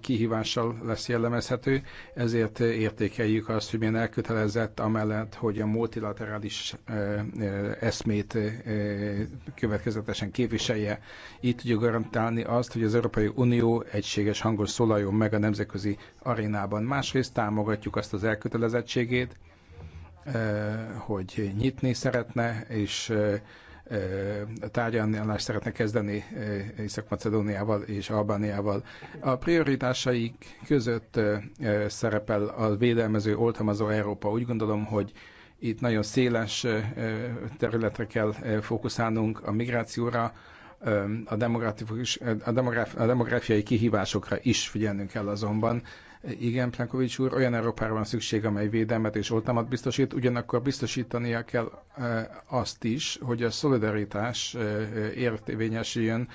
S3: kihívással lesz jellemezhető, ezért értékeljük azt, hogy milyen elkötelezett amellett, hogy a multilaterális eszmét következetesen képviselje. Itt tudjuk garantálni azt, hogy az Európai Unió egységes hangos szólaljon meg a nemzetközi arénában. Másrészt támogatjuk azt az elkötelezettségét, hogy nyitni szeretne, és tárgyalást szeretne kezdeni Észak-Macedóniával és Albániával. A prioritásaik között szerepel a védelmező, oltalmazó Európa. Úgy gondolom, hogy itt nagyon széles területre kell fókuszálnunk a migrációra, a, a, demográfiai kihívásokra is figyelnünk kell azonban, igen, Plankovics úr, olyan Európára van szükség, amely védelmet és oltalmat biztosít, ugyanakkor biztosítania kell eh, azt is, hogy a szolidaritás eh, értvényesüljön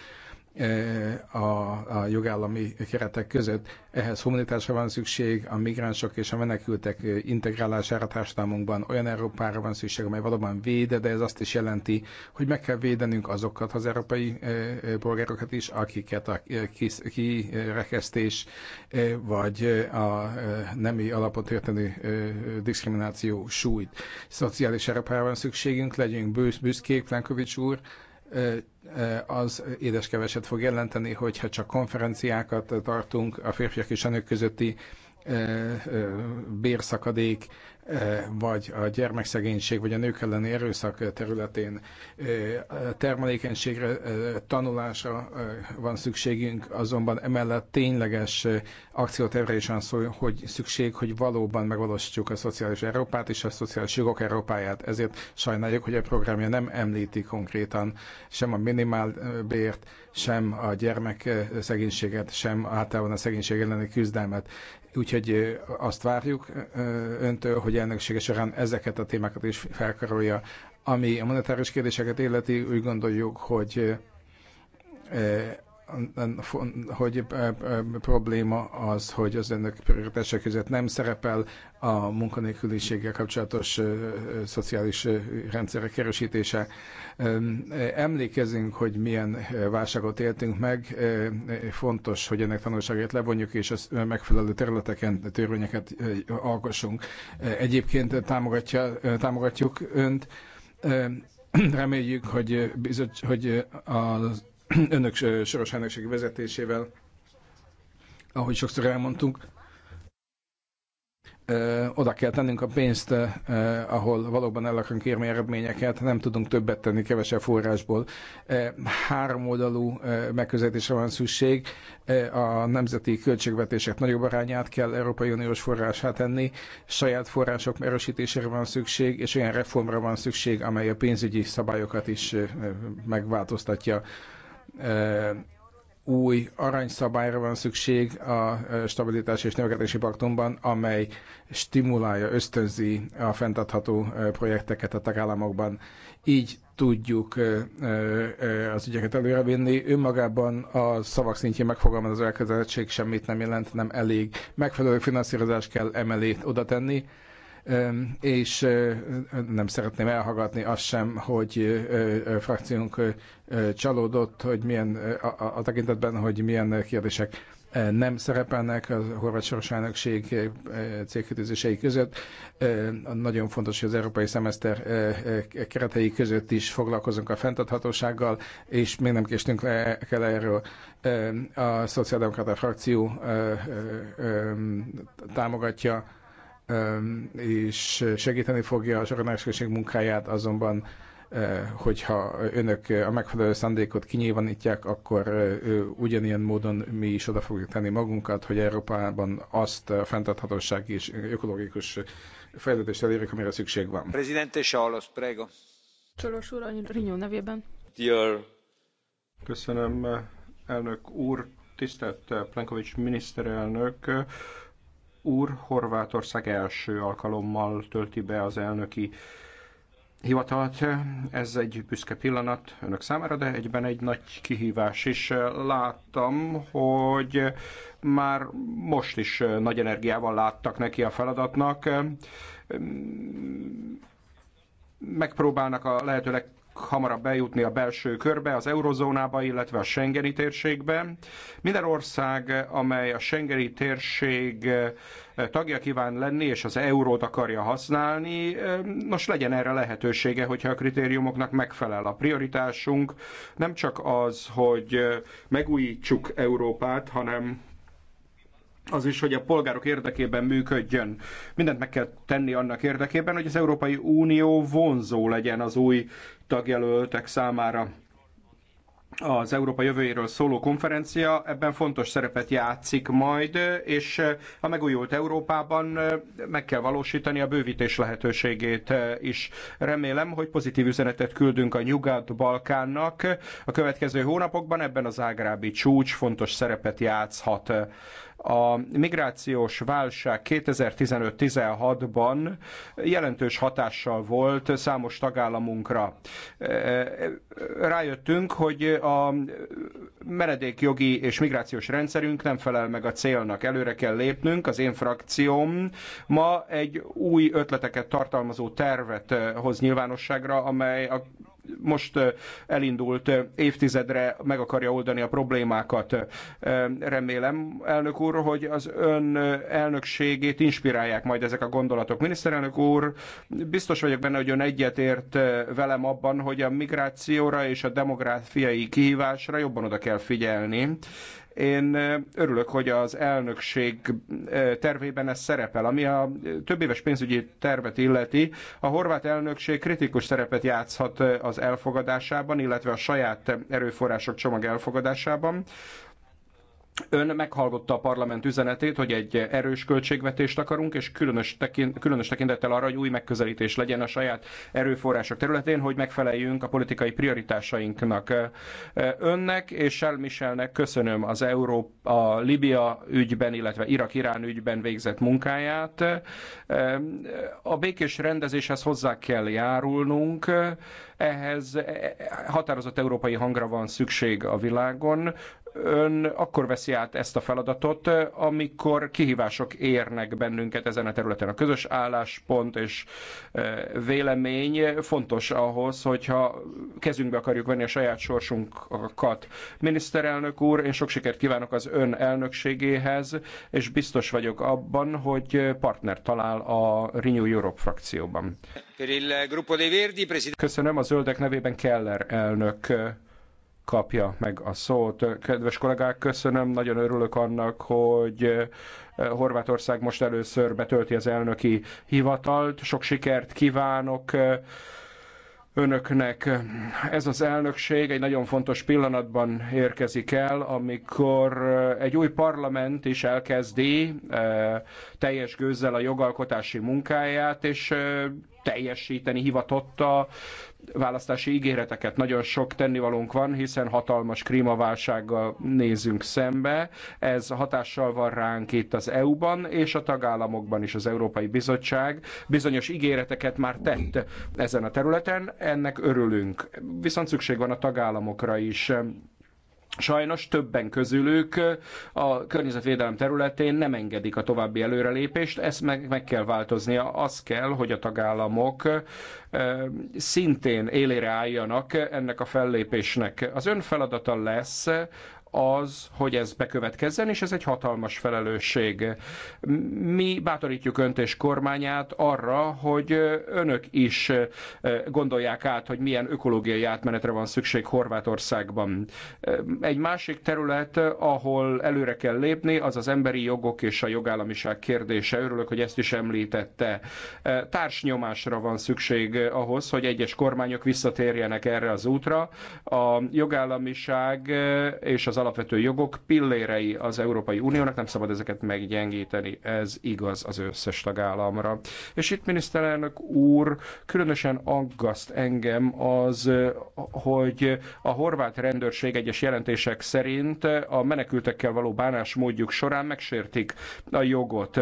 S3: a, a jogállami keretek között. Ehhez humanitásra van szükség, a migránsok és a menekültek integrálására társadalmunkban olyan Európára van szükség, amely valóban véde, de ez azt is jelenti, hogy meg kell védenünk azokat az európai e, e, polgárokat is, akiket a kirekesztés e, vagy a nemi alapot történő diszkrimináció sújt. Szociális Európára van szükségünk, legyünk büszkék, Plenkovics úr, az édeskeveset fog jelenteni, hogyha csak konferenciákat tartunk a férfiak és a nők közötti bérszakadék, vagy a gyermekszegénység, vagy a nők elleni erőszak területén termelékenységre, tanulásra van szükségünk, azonban emellett tényleges akciótervre is van szó, hogy szükség, hogy valóban megvalósítsuk a szociális Európát és a szociális jogok Európáját. Ezért sajnáljuk, hogy a programja nem említi konkrétan sem a bért, sem a gyermekszegénységet, sem általában a szegénység elleni küzdelmet. Úgyhogy azt várjuk öntől, hogy elnöksége során ezeket a témákat is felkarolja. Ami a monetáris kérdéseket illeti, úgy gondoljuk, hogy hogy eh, eh, probléma az, hogy az önök prioritások között nem szerepel a munkanélküliséggel kapcsolatos eh, szociális rendszerek erősítése. Emlékezünk, hogy milyen válságot éltünk meg. Fontos, hogy ennek tanulságát levonjuk, és az megfelelő területeken törvényeket alkossunk. Egyébként támogatja, támogatjuk önt. Reméljük, hogy, bizony, hogy az önök soros elnökség vezetésével, ahogy sokszor elmondtunk, oda kell tennünk a pénzt, ahol valóban el akarunk érni eredményeket, nem tudunk többet tenni kevesebb forrásból. Három oldalú megközelítésre van szükség, a nemzeti költségvetések nagyobb arányát kell Európai Uniós forrását tenni, saját források erősítésére van szükség, és olyan reformra van szükség, amely a pénzügyi szabályokat is megváltoztatja új aranyszabályra van szükség a stabilitás és növekedési paktumban, amely stimulálja, ösztönzi a fenntartható projekteket a tagállamokban. Így tudjuk az ügyeket előrevinni. Önmagában a szavak szintjén az elkötelezettség semmit nem jelent, nem elég. Megfelelő finanszírozás kell emelét oda tenni és nem szeretném elhagadni azt sem, hogy frakciónk csalódott, hogy milyen a, tekintetben, hogy milyen kérdések nem szerepelnek a horvát soros elnökség célkötőzései között. Nagyon fontos, hogy az európai szemeszter keretei között is foglalkozunk a fenntarthatósággal, és még nem késtünk le kell erről. A Szociáldemokrata frakció támogatja és segíteni fogja a soronársközség munkáját, azonban hogyha önök a megfelelő szándékot kinyilvánítják, akkor ugyanilyen módon mi is oda fogjuk tenni magunkat, hogy Európában azt a fenntarthatóság és ökológikus fejlődést elérjük, amire szükség van. Presidente Solos, prego.
S1: Csolos úr, Rinyó nevében.
S2: Dear. Köszönöm, elnök úr, tisztelt Plenkovics miniszterelnök úr, Horvátország első alkalommal tölti be az elnöki hivatalt. Ez egy büszke pillanat önök számára, de egyben egy nagy kihívás is. Láttam, hogy már most is nagy energiával láttak neki a feladatnak megpróbálnak a lehető hamarabb bejutni a belső körbe, az eurozónába, illetve a Schengeni térségbe. Minden ország, amely a Schengeni térség eh, tagja kíván lenni, és az eurót akarja használni, eh, nos legyen erre lehetősége, hogyha a kritériumoknak megfelel. A prioritásunk nem csak az, hogy eh, megújítsuk Európát, hanem az is, hogy a polgárok érdekében működjön. Mindent meg kell tenni annak érdekében, hogy az Európai Unió vonzó legyen az új tagjelöltek számára. Az Európa jövőjéről szóló konferencia ebben fontos szerepet játszik majd, és a megújult Európában meg kell valósítani a bővítés lehetőségét is. Remélem, hogy pozitív üzenetet küldünk a Nyugat-Balkánnak. A következő hónapokban ebben az ágrábi csúcs fontos szerepet játszhat a migrációs válság 2015-16-ban jelentős hatással volt számos tagállamunkra. E, e, rájöttünk, hogy a menedékjogi és migrációs rendszerünk nem felel meg a célnak. Előre kell lépnünk. Az én frakcióm ma egy új ötleteket tartalmazó tervet hoz nyilvánosságra, amely a most elindult évtizedre meg akarja oldani a problémákat. Remélem, elnök úr, hogy az ön elnökségét inspirálják majd ezek a gondolatok. Miniszterelnök úr, biztos vagyok benne, hogy ön egyetért velem abban, hogy a migrációra és a demográfiai kihívásra jobban oda kell figyelni, én örülök, hogy az elnökség tervében ez szerepel. Ami a több éves pénzügyi tervet illeti, a horvát elnökség kritikus szerepet játszhat az elfogadásában, illetve a saját erőforrások csomag elfogadásában. Ön meghallgatta a parlament üzenetét, hogy egy erős költségvetést akarunk, és különös, tekint, különös tekintettel arra, hogy új megközelítés legyen a saját erőforrások területén, hogy megfeleljünk a politikai prioritásainknak. Önnek és Charles Michelnek köszönöm az Európa, a Libia ügyben, illetve Irak-Irán ügyben végzett munkáját. A békés rendezéshez hozzá kell járulnunk, ehhez határozott európai hangra van szükség a világon ön akkor veszi át ezt a feladatot, amikor kihívások érnek bennünket ezen a területen. A közös álláspont és e, vélemény fontos ahhoz, hogyha kezünkbe akarjuk venni a saját sorsunkat. Miniszterelnök úr, én sok sikert kívánok az ön elnökségéhez, és biztos vagyok abban, hogy partner talál a Renew Europe frakcióban. Köszönöm a zöldek nevében Keller elnök kapja meg a szót. Kedves kollégák, köszönöm, nagyon örülök annak, hogy eh, Horvátország most először betölti az elnöki hivatalt. Sok sikert kívánok eh, önöknek. Ez az elnökség egy nagyon fontos pillanatban érkezik el, amikor eh, egy új parlament is elkezdi teljes gőzzel a jogalkotási munkáját, és teljesíteni hivatott a választási ígéreteket. Nagyon sok tennivalónk van, hiszen hatalmas klímaválsággal nézünk szembe. Ez hatással van ránk itt az EU-ban és a tagállamokban is. Az Európai Bizottság bizonyos ígéreteket már tett ezen a területen, ennek örülünk. Viszont szükség van a tagállamokra is. Sajnos többen közülük a környezetvédelem területén nem engedik a további előrelépést, ezt meg, meg kell változnia. Az kell, hogy a tagállamok szintén élére álljanak ennek a fellépésnek. Az ön feladata lesz az, hogy ez bekövetkezzen, és ez egy hatalmas felelősség. Mi bátorítjuk önt és kormányát arra, hogy önök is eh, gondolják át, hogy milyen ökológiai átmenetre van szükség Horvátországban. Eh, egy másik terület, eh, ahol előre kell lépni, az az emberi jogok és a jogállamiság kérdése. Örülök, hogy ezt is említette. Társnyomásra van szükség ahhoz, hogy egyes kormányok visszatérjenek erre az útra. A jogállamiság és az az alapvető jogok pillérei az Európai Uniónak, nem szabad ezeket meggyengíteni. Ez igaz az összes tagállamra. És itt miniszterelnök úr, különösen aggaszt engem az, hogy a horvát rendőrség egyes jelentések szerint a menekültekkel való bánásmódjuk során megsértik a jogot.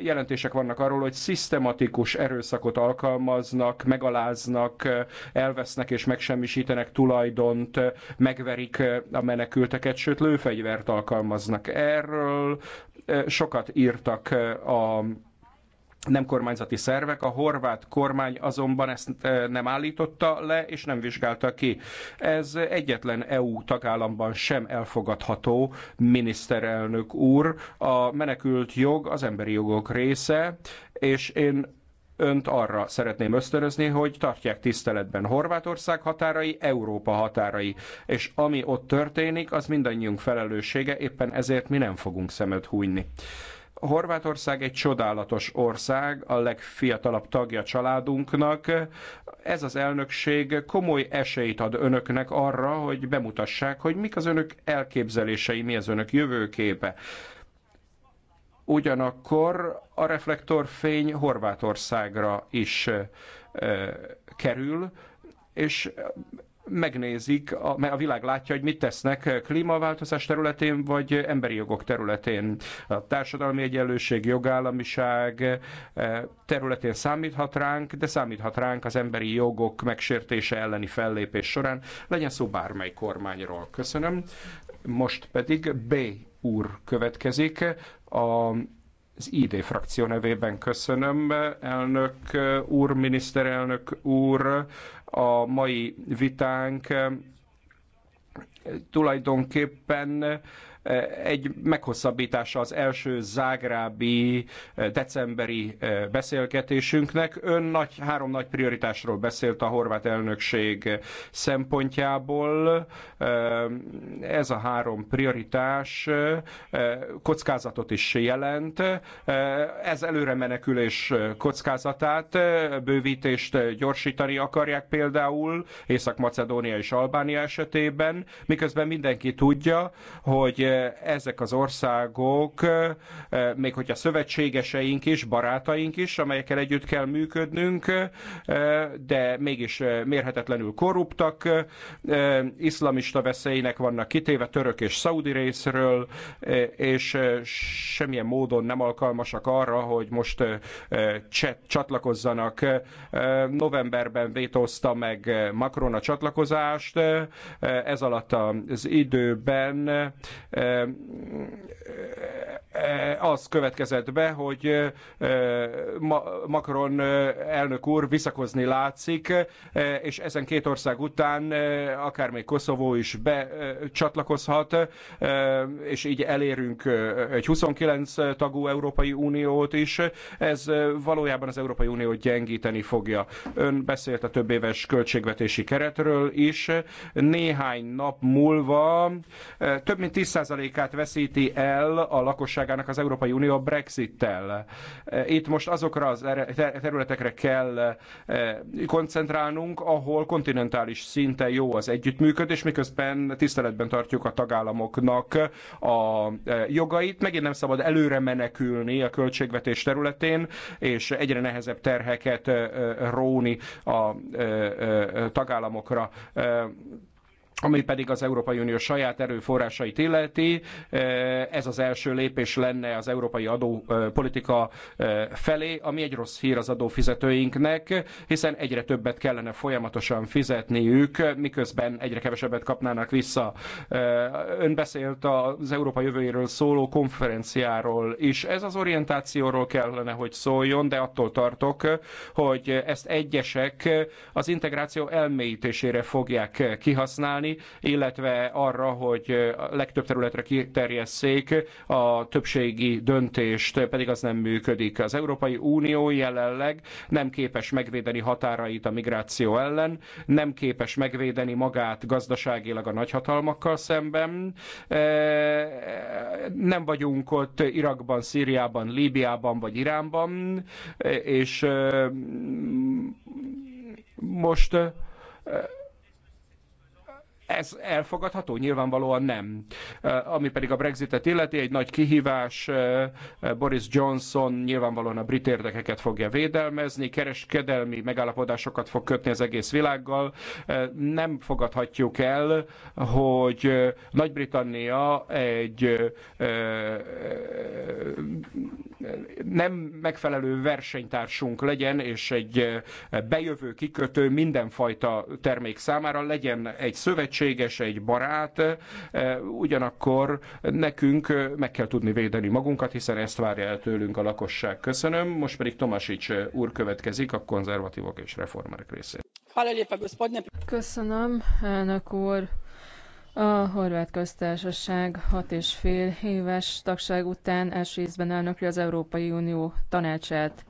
S2: Jelentések vannak arról, hogy szisztematikus erőszakot alkalmaznak, megaláznak, elvesznek és megsemmisítenek tulajdont, megverik a menekült lőfegyverteket, sőt lőfegyvert alkalmaznak. Erről sokat írtak a nem kormányzati szervek. A horvát kormány azonban ezt nem állította le, és nem vizsgálta ki. Ez egyetlen EU tagállamban sem elfogadható, miniszterelnök úr. A menekült jog az emberi jogok része, és én önt arra szeretném ösztönözni, hogy tartják tiszteletben Horvátország határai, Európa határai, és ami ott történik, az mindannyiunk felelőssége, éppen ezért mi nem fogunk szemet hújni. Horvátország egy csodálatos ország, a legfiatalabb tagja családunknak. Ez az elnökség komoly esélyt ad önöknek arra, hogy bemutassák, hogy mik az önök elképzelései, mi az önök jövőképe ugyanakkor a reflektorfény Horvátországra is kerül, és megnézik, mert a világ látja, hogy mit tesznek klímaváltozás területén, vagy emberi jogok területén. A társadalmi egyenlőség, jogállamiság területén számíthat ránk, de számíthat ránk az emberi jogok megsértése elleni fellépés során. Legyen szó bármely kormányról. Köszönöm. Most pedig B úr következik. A az ID frakció nevében köszönöm, elnök úr, miniszterelnök úr, a mai vitánk tulajdonképpen egy meghosszabbítása az első zágrábi decemberi beszélgetésünknek. Ön nagy, három nagy prioritásról beszélt a horvát elnökség szempontjából. Ez a három prioritás kockázatot is jelent. Ez előre menekülés kockázatát, bővítést gyorsítani akarják például Észak-Macedónia és Albánia esetében, miközben mindenki tudja, hogy ezek az országok, még hogyha szövetségeseink is, barátaink is, amelyekkel együtt kell működnünk, de mégis mérhetetlenül korruptak, iszlamista veszélynek vannak kitéve török és szaudi részről, és semmilyen módon nem alkalmasak arra, hogy most csatlakozzanak. Novemberben vétózta meg Macron a csatlakozást, ez alatt az időben az következett be, hogy Macron elnök úr visszakozni látszik, és ezen két ország után akár még Koszovó is becsatlakozhat, és így elérünk egy 29 tagú Európai Uniót is. Ez valójában az Európai Uniót gyengíteni fogja. Ön beszélt a több éves költségvetési keretről is. Néhány nap múlva több mint 10 át veszíti el a lakosságának az Európai Unió Brexit-tel. Itt most azokra az területekre kell eh, koncentrálnunk, ahol kontinentális szinten jó az együttműködés, miközben tiszteletben tartjuk a tagállamoknak a eh, jogait. Megint nem szabad előre menekülni a költségvetés területén, és egyre nehezebb terheket eh, róni a tagállamokra ami pedig az Európai Unió saját erőforrásait illeti. Eh, ez az első lépés lenne az európai adópolitika eh, eh, felé, ami egy rossz hír az adófizetőinknek, hiszen egyre többet kellene folyamatosan fizetniük, miközben egyre kevesebbet kapnának vissza. Ön beszélt az Európa jövőjéről szóló konferenciáról is. Ez az orientációról kellene, hogy szóljon, de attól tartok, hogy ezt egyesek az integráció elmélyítésére fogják kihasználni, használni, illetve arra, hogy a legtöbb területre kiterjesszék a többségi döntést, pedig az nem működik. Az Európai Unió jelenleg nem képes megvédeni határait a migráció ellen, nem képes megvédeni magát gazdaságilag a nagyhatalmakkal szemben. E, nem vagyunk ott Irakban, Szíriában, Líbiában vagy Iránban, és e, most e, ez elfogadható? Nyilvánvalóan nem. Ami pedig a Brexitet illeti, egy nagy kihívás. Boris Johnson nyilvánvalóan a brit érdekeket fogja védelmezni, kereskedelmi megállapodásokat fog kötni az egész világgal. Nem fogadhatjuk el, hogy Nagy-Britannia egy nem megfelelő versenytársunk legyen, és egy eh, bejövő kikötő mindenfajta termék számára legyen egy szövetséges, egy barát, eh, ugyanakkor nekünk eh, meg kell tudni védeni magunkat, hiszen ezt várja el tőlünk a lakosság. Köszönöm. Most pedig Tomasics úr következik a konzervatívok és reformerek részéről.
S1: Köszönöm, elnök úr. A horvát köztársaság hat és fél éves tagság után első ízben elnökli az Európai Unió tanácsát.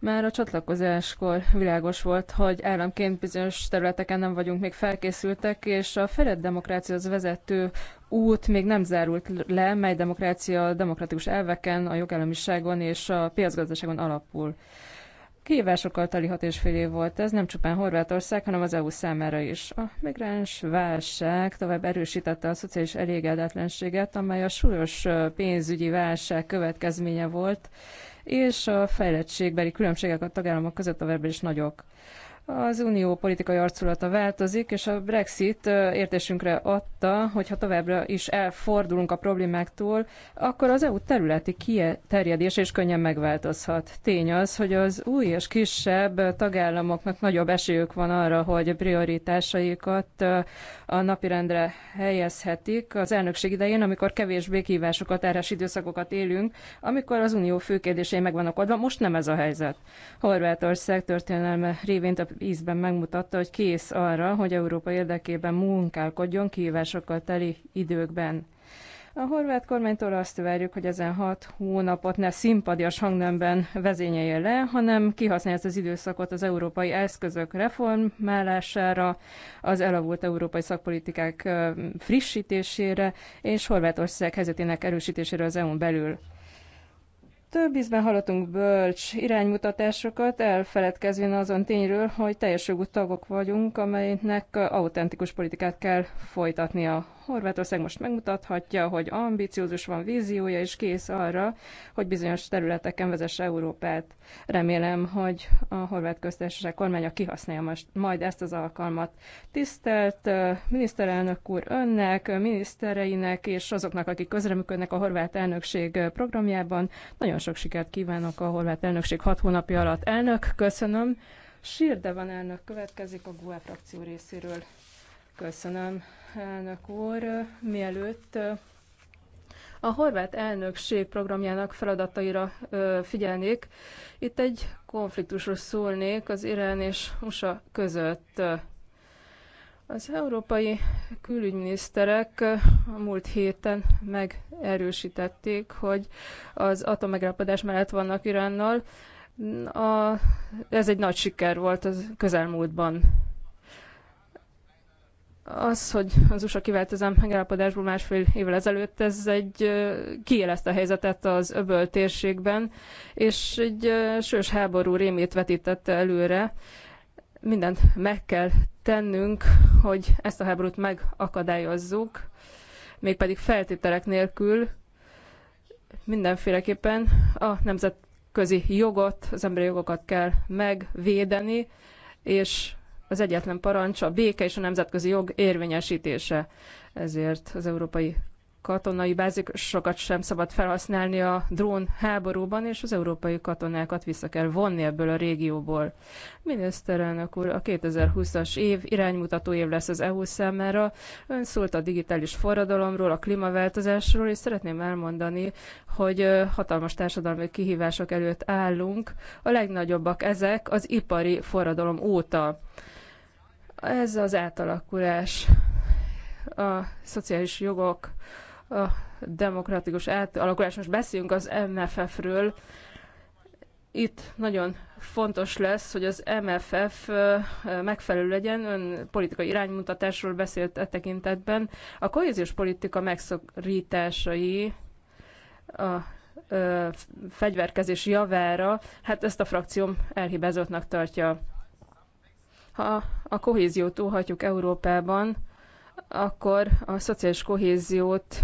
S1: Már a csatlakozáskor világos volt, hogy államként bizonyos területeken nem vagyunk még felkészültek, és a fejlett az vezető út még nem zárult le, mely demokrácia a demokratikus elveken, a jogállamiságon és a piacgazdaságon alapul sokkal teli hat és fél év volt ez, nem csupán Horvátország, hanem az EU számára is. A migráns válság tovább erősítette a szociális elégedetlenséget, amely a súlyos pénzügyi válság következménye volt, és a fejlettségbeli különbségek a tagállamok között továbbra is nagyok. Az unió politikai arculata változik, és a Brexit értésünkre adta, hogy ha továbbra is elfordulunk a problémáktól, akkor az EU területi kiterjedés is könnyen megváltozhat. Tény az, hogy az új és kisebb tagállamoknak nagyobb esélyük van arra, hogy prioritásaikat a napirendre helyezhetik az elnökség idején, amikor kevésbé kívásokat, erres időszakokat élünk, amikor az unió fő kérdései meg vannak adva. Most nem ez a helyzet. Horvátország történelme révén több ízben megmutatta, hogy kész arra, hogy Európa érdekében munkálkodjon kihívásokkal teli időkben. A horvát kormánytól azt várjuk, hogy ezen hat hónapot ne szimpadias hangnemben vezényelje le, hanem kihasználja ezt az időszakot az európai eszközök reformálására, az elavult európai szakpolitikák frissítésére és Horvátország helyzetének erősítésére az EU-n belül. Több ízben hallottunk bölcs iránymutatásokat, elfeledkezvén azon tényről, hogy teljes jogú tagok vagyunk, amelynek autentikus politikát kell folytatnia. Horvátország most megmutathatja, hogy ambiciózus van víziója, és kész arra, hogy bizonyos területeken vezesse Európát. Remélem, hogy a horvát köztársaság kormánya kihasználja most majd ezt az alkalmat. Tisztelt miniszterelnök úr önnek, minisztereinek és azoknak, akik közreműködnek a horvát elnökség programjában. Nagyon sok sikert kívánok a horvát elnökség hat hónapja alatt. Elnök, köszönöm. Sírde van elnök következik a GUE frakció részéről. Köszönöm, elnök úr. Mielőtt a horvát elnökség programjának feladataira figyelnék, itt egy konfliktusról szólnék az Irán és USA között. Az európai külügyminiszterek a múlt héten megerősítették, hogy az atommegállapodás mellett vannak Iránnal. A, ez egy nagy siker volt az közelmúltban. Az, hogy az USA kivált az megállapodásból másfél évvel ezelőtt, ez egy kiélezte a helyzetet az öböl térségben, és egy sős háború rémét vetítette előre. Mindent meg kell tennünk, hogy ezt a háborút megakadályozzuk, mégpedig feltételek nélkül, mindenféleképpen a nemzetközi jogot, az emberi jogokat kell megvédeni, és az egyetlen parancs a béke és a nemzetközi jog érvényesítése. Ezért az európai katonai bázisokat sem szabad felhasználni a drón háborúban, és az európai katonákat vissza kell vonni ebből a régióból. Miniszterelnök úr, a 2020-as év iránymutató év lesz az EU számára. Ön szólt a digitális forradalomról, a klímaváltozásról, és szeretném elmondani, hogy hatalmas társadalmi kihívások előtt állunk. A legnagyobbak ezek az ipari forradalom óta. Ez az átalakulás, a szociális jogok, a demokratikus átalakulás. Most beszéljünk az MFF-ről. Itt nagyon fontos lesz, hogy az MFF megfelelő legyen. Ön politikai iránymutatásról beszélt e tekintetben. A kohéziós politika megszorításai a fegyverkezés javára, hát ezt a frakcióm elhibázottnak tartja. Ha a kohéziót túlhatjuk Európában, akkor a szociális kohéziót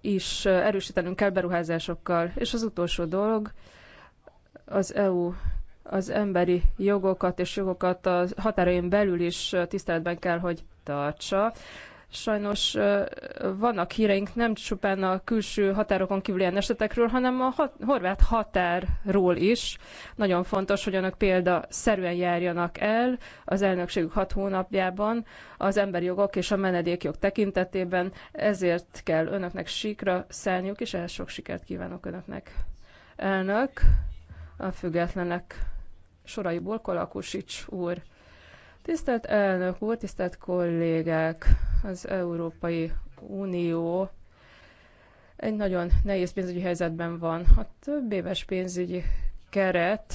S1: is erősítenünk kell beruházásokkal. És az utolsó dolog, az EU az emberi jogokat és jogokat a határain belül is tiszteletben kell, hogy tartsa. Sajnos vannak híreink nem csupán a külső határokon kívül ilyen esetekről, hanem a hat horvát határról is. Nagyon fontos, hogy önök példa szerűen járjanak el az elnökségük hat hónapjában az emberi jogok és a menedékjog tekintetében. Ezért kell önöknek síkra szállniuk, és ehhez sok sikert kívánok önöknek. Elnök, a függetlenek soraiból Kolakusics úr. Tisztelt elnök úr, tisztelt kollégák, az Európai Unió egy nagyon nehéz pénzügyi helyzetben van. A több éves pénzügyi keret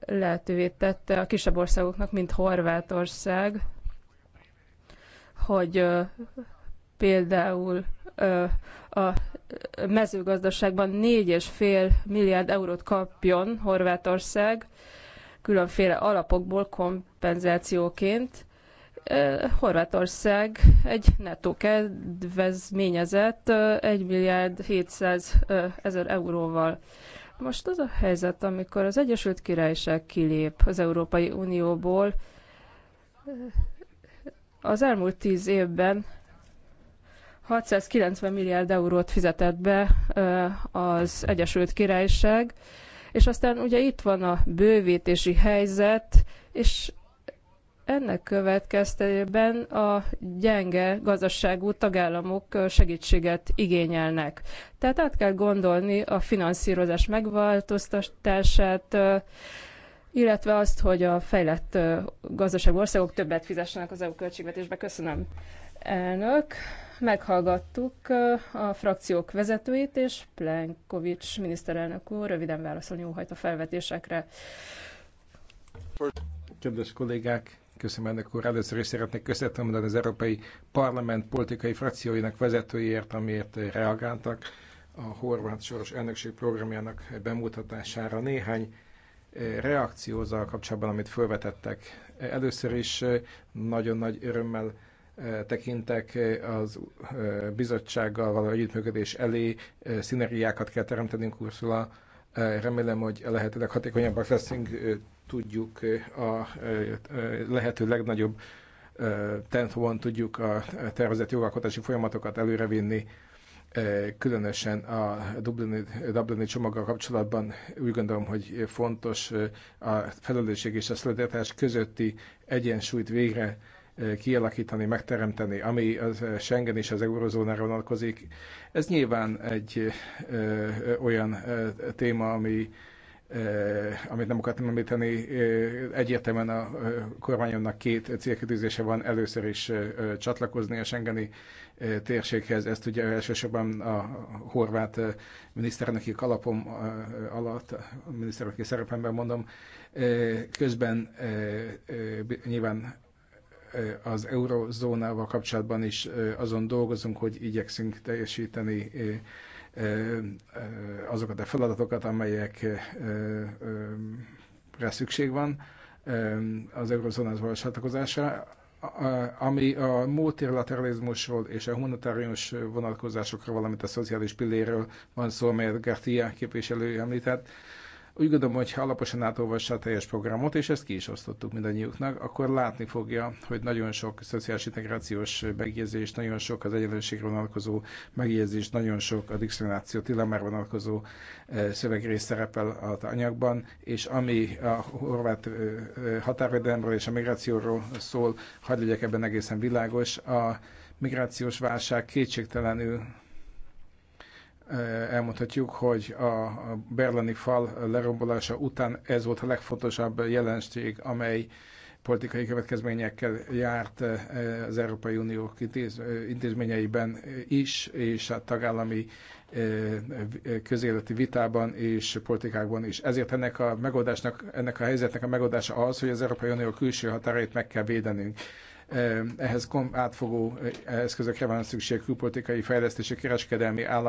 S1: lehetővé tette a kisebb országoknak, mint Horvátország, hogy például a mezőgazdaságban 4,5 milliárd eurót kapjon Horvátország, különféle alapokból kompenzációként. Horvátország egy nettó kedvezményezett 1 milliárd 700 ezer euróval. Most az a helyzet, amikor az Egyesült Királyság kilép az Európai Unióból, az elmúlt tíz évben 690 milliárd eurót fizetett be az Egyesült Királyság, és aztán ugye itt van a bővítési helyzet, és ennek következtében a gyenge gazdaságú tagállamok segítséget igényelnek. Tehát át kell gondolni a finanszírozás megváltoztatását, illetve azt, hogy a fejlett gazdaságú országok többet fizessenek az EU költségvetésbe. Köszönöm, elnök meghallgattuk a frakciók vezetőit, és Plenkovics miniszterelnök úr röviden válaszolni óhajt a felvetésekre.
S3: Kedves kollégák, köszönöm ennek úr. Először is szeretnék köszönetet mondani az Európai Parlament politikai frakcióinak vezetőiért, amiért reagáltak a horvát soros elnökség programjának bemutatására. Néhány reakciózzal kapcsolatban, amit felvetettek. Először is nagyon nagy örömmel tekintek, az bizottsággal való együttműködés elé szinergiákat kell teremtenünk, Ursula. Remélem, hogy lehetőleg hatékonyabbak leszünk, tudjuk a lehető legnagyobb tempóban tudjuk a tervezett jogalkotási folyamatokat előrevinni, különösen a Dublini, Dublini csomaggal kapcsolatban úgy gondolom, hogy fontos a felelősség és a szolidaritás közötti egyensúlyt végre kialakítani, megteremteni, ami az eh, Schengen és az eurozónára vonatkozik. Ez nyilván egy ö, eh, olyan ö, eh, téma, ami amit nem akartam említeni, egyértelműen a kormányomnak két célkötőzése van, először is csatlakozni a Schengeni térséghez, ezt ugye elsősorban a horvát miniszterelnöki kalapom alatt, a miniszterelnöki szerepemben mondom, közben nyilván Eh, az eurozónával kapcsolatban is eh, azon dolgozunk, hogy igyekszünk teljesíteni eh, azokat a feladatokat, amelyekre szükség van az eurozónához való csatlakozásra, ami a multilateralizmusról és a humanitárius vonatkozásokra, valamint a szociális pilléről van szó, amelyet Gartia képviselő említett úgy gondolom, hogy ha alaposan átolvassa a teljes programot, és ezt ki is osztottuk mindannyiuknak, akkor látni fogja, hogy nagyon sok szociális integrációs megjegyzés, nagyon sok az egyenlőségre vonatkozó megjegyzés, nagyon sok a diszkrimináció tilalmára vonatkozó e, szövegrész szerepel az anyagban, és ami a horvát e, e, határvédelemről és a migrációról szól, hagyd legyek ebben egészen világos, a migrációs válság kétségtelenül elmondhatjuk, hogy a berlini fal lerombolása után ez volt a legfontosabb jelenség, amely politikai következményekkel járt az Európai Unió intézményeiben is, és a tagállami közéleti vitában és politikákban is. Ezért ennek a megoldásnak, ennek a helyzetnek a megoldása az, hogy az Európai Unió külső határait meg kell védenünk ehhez átfogó eszközökre van szükség, külpolitikai fejlesztési, kereskedelmi, állam.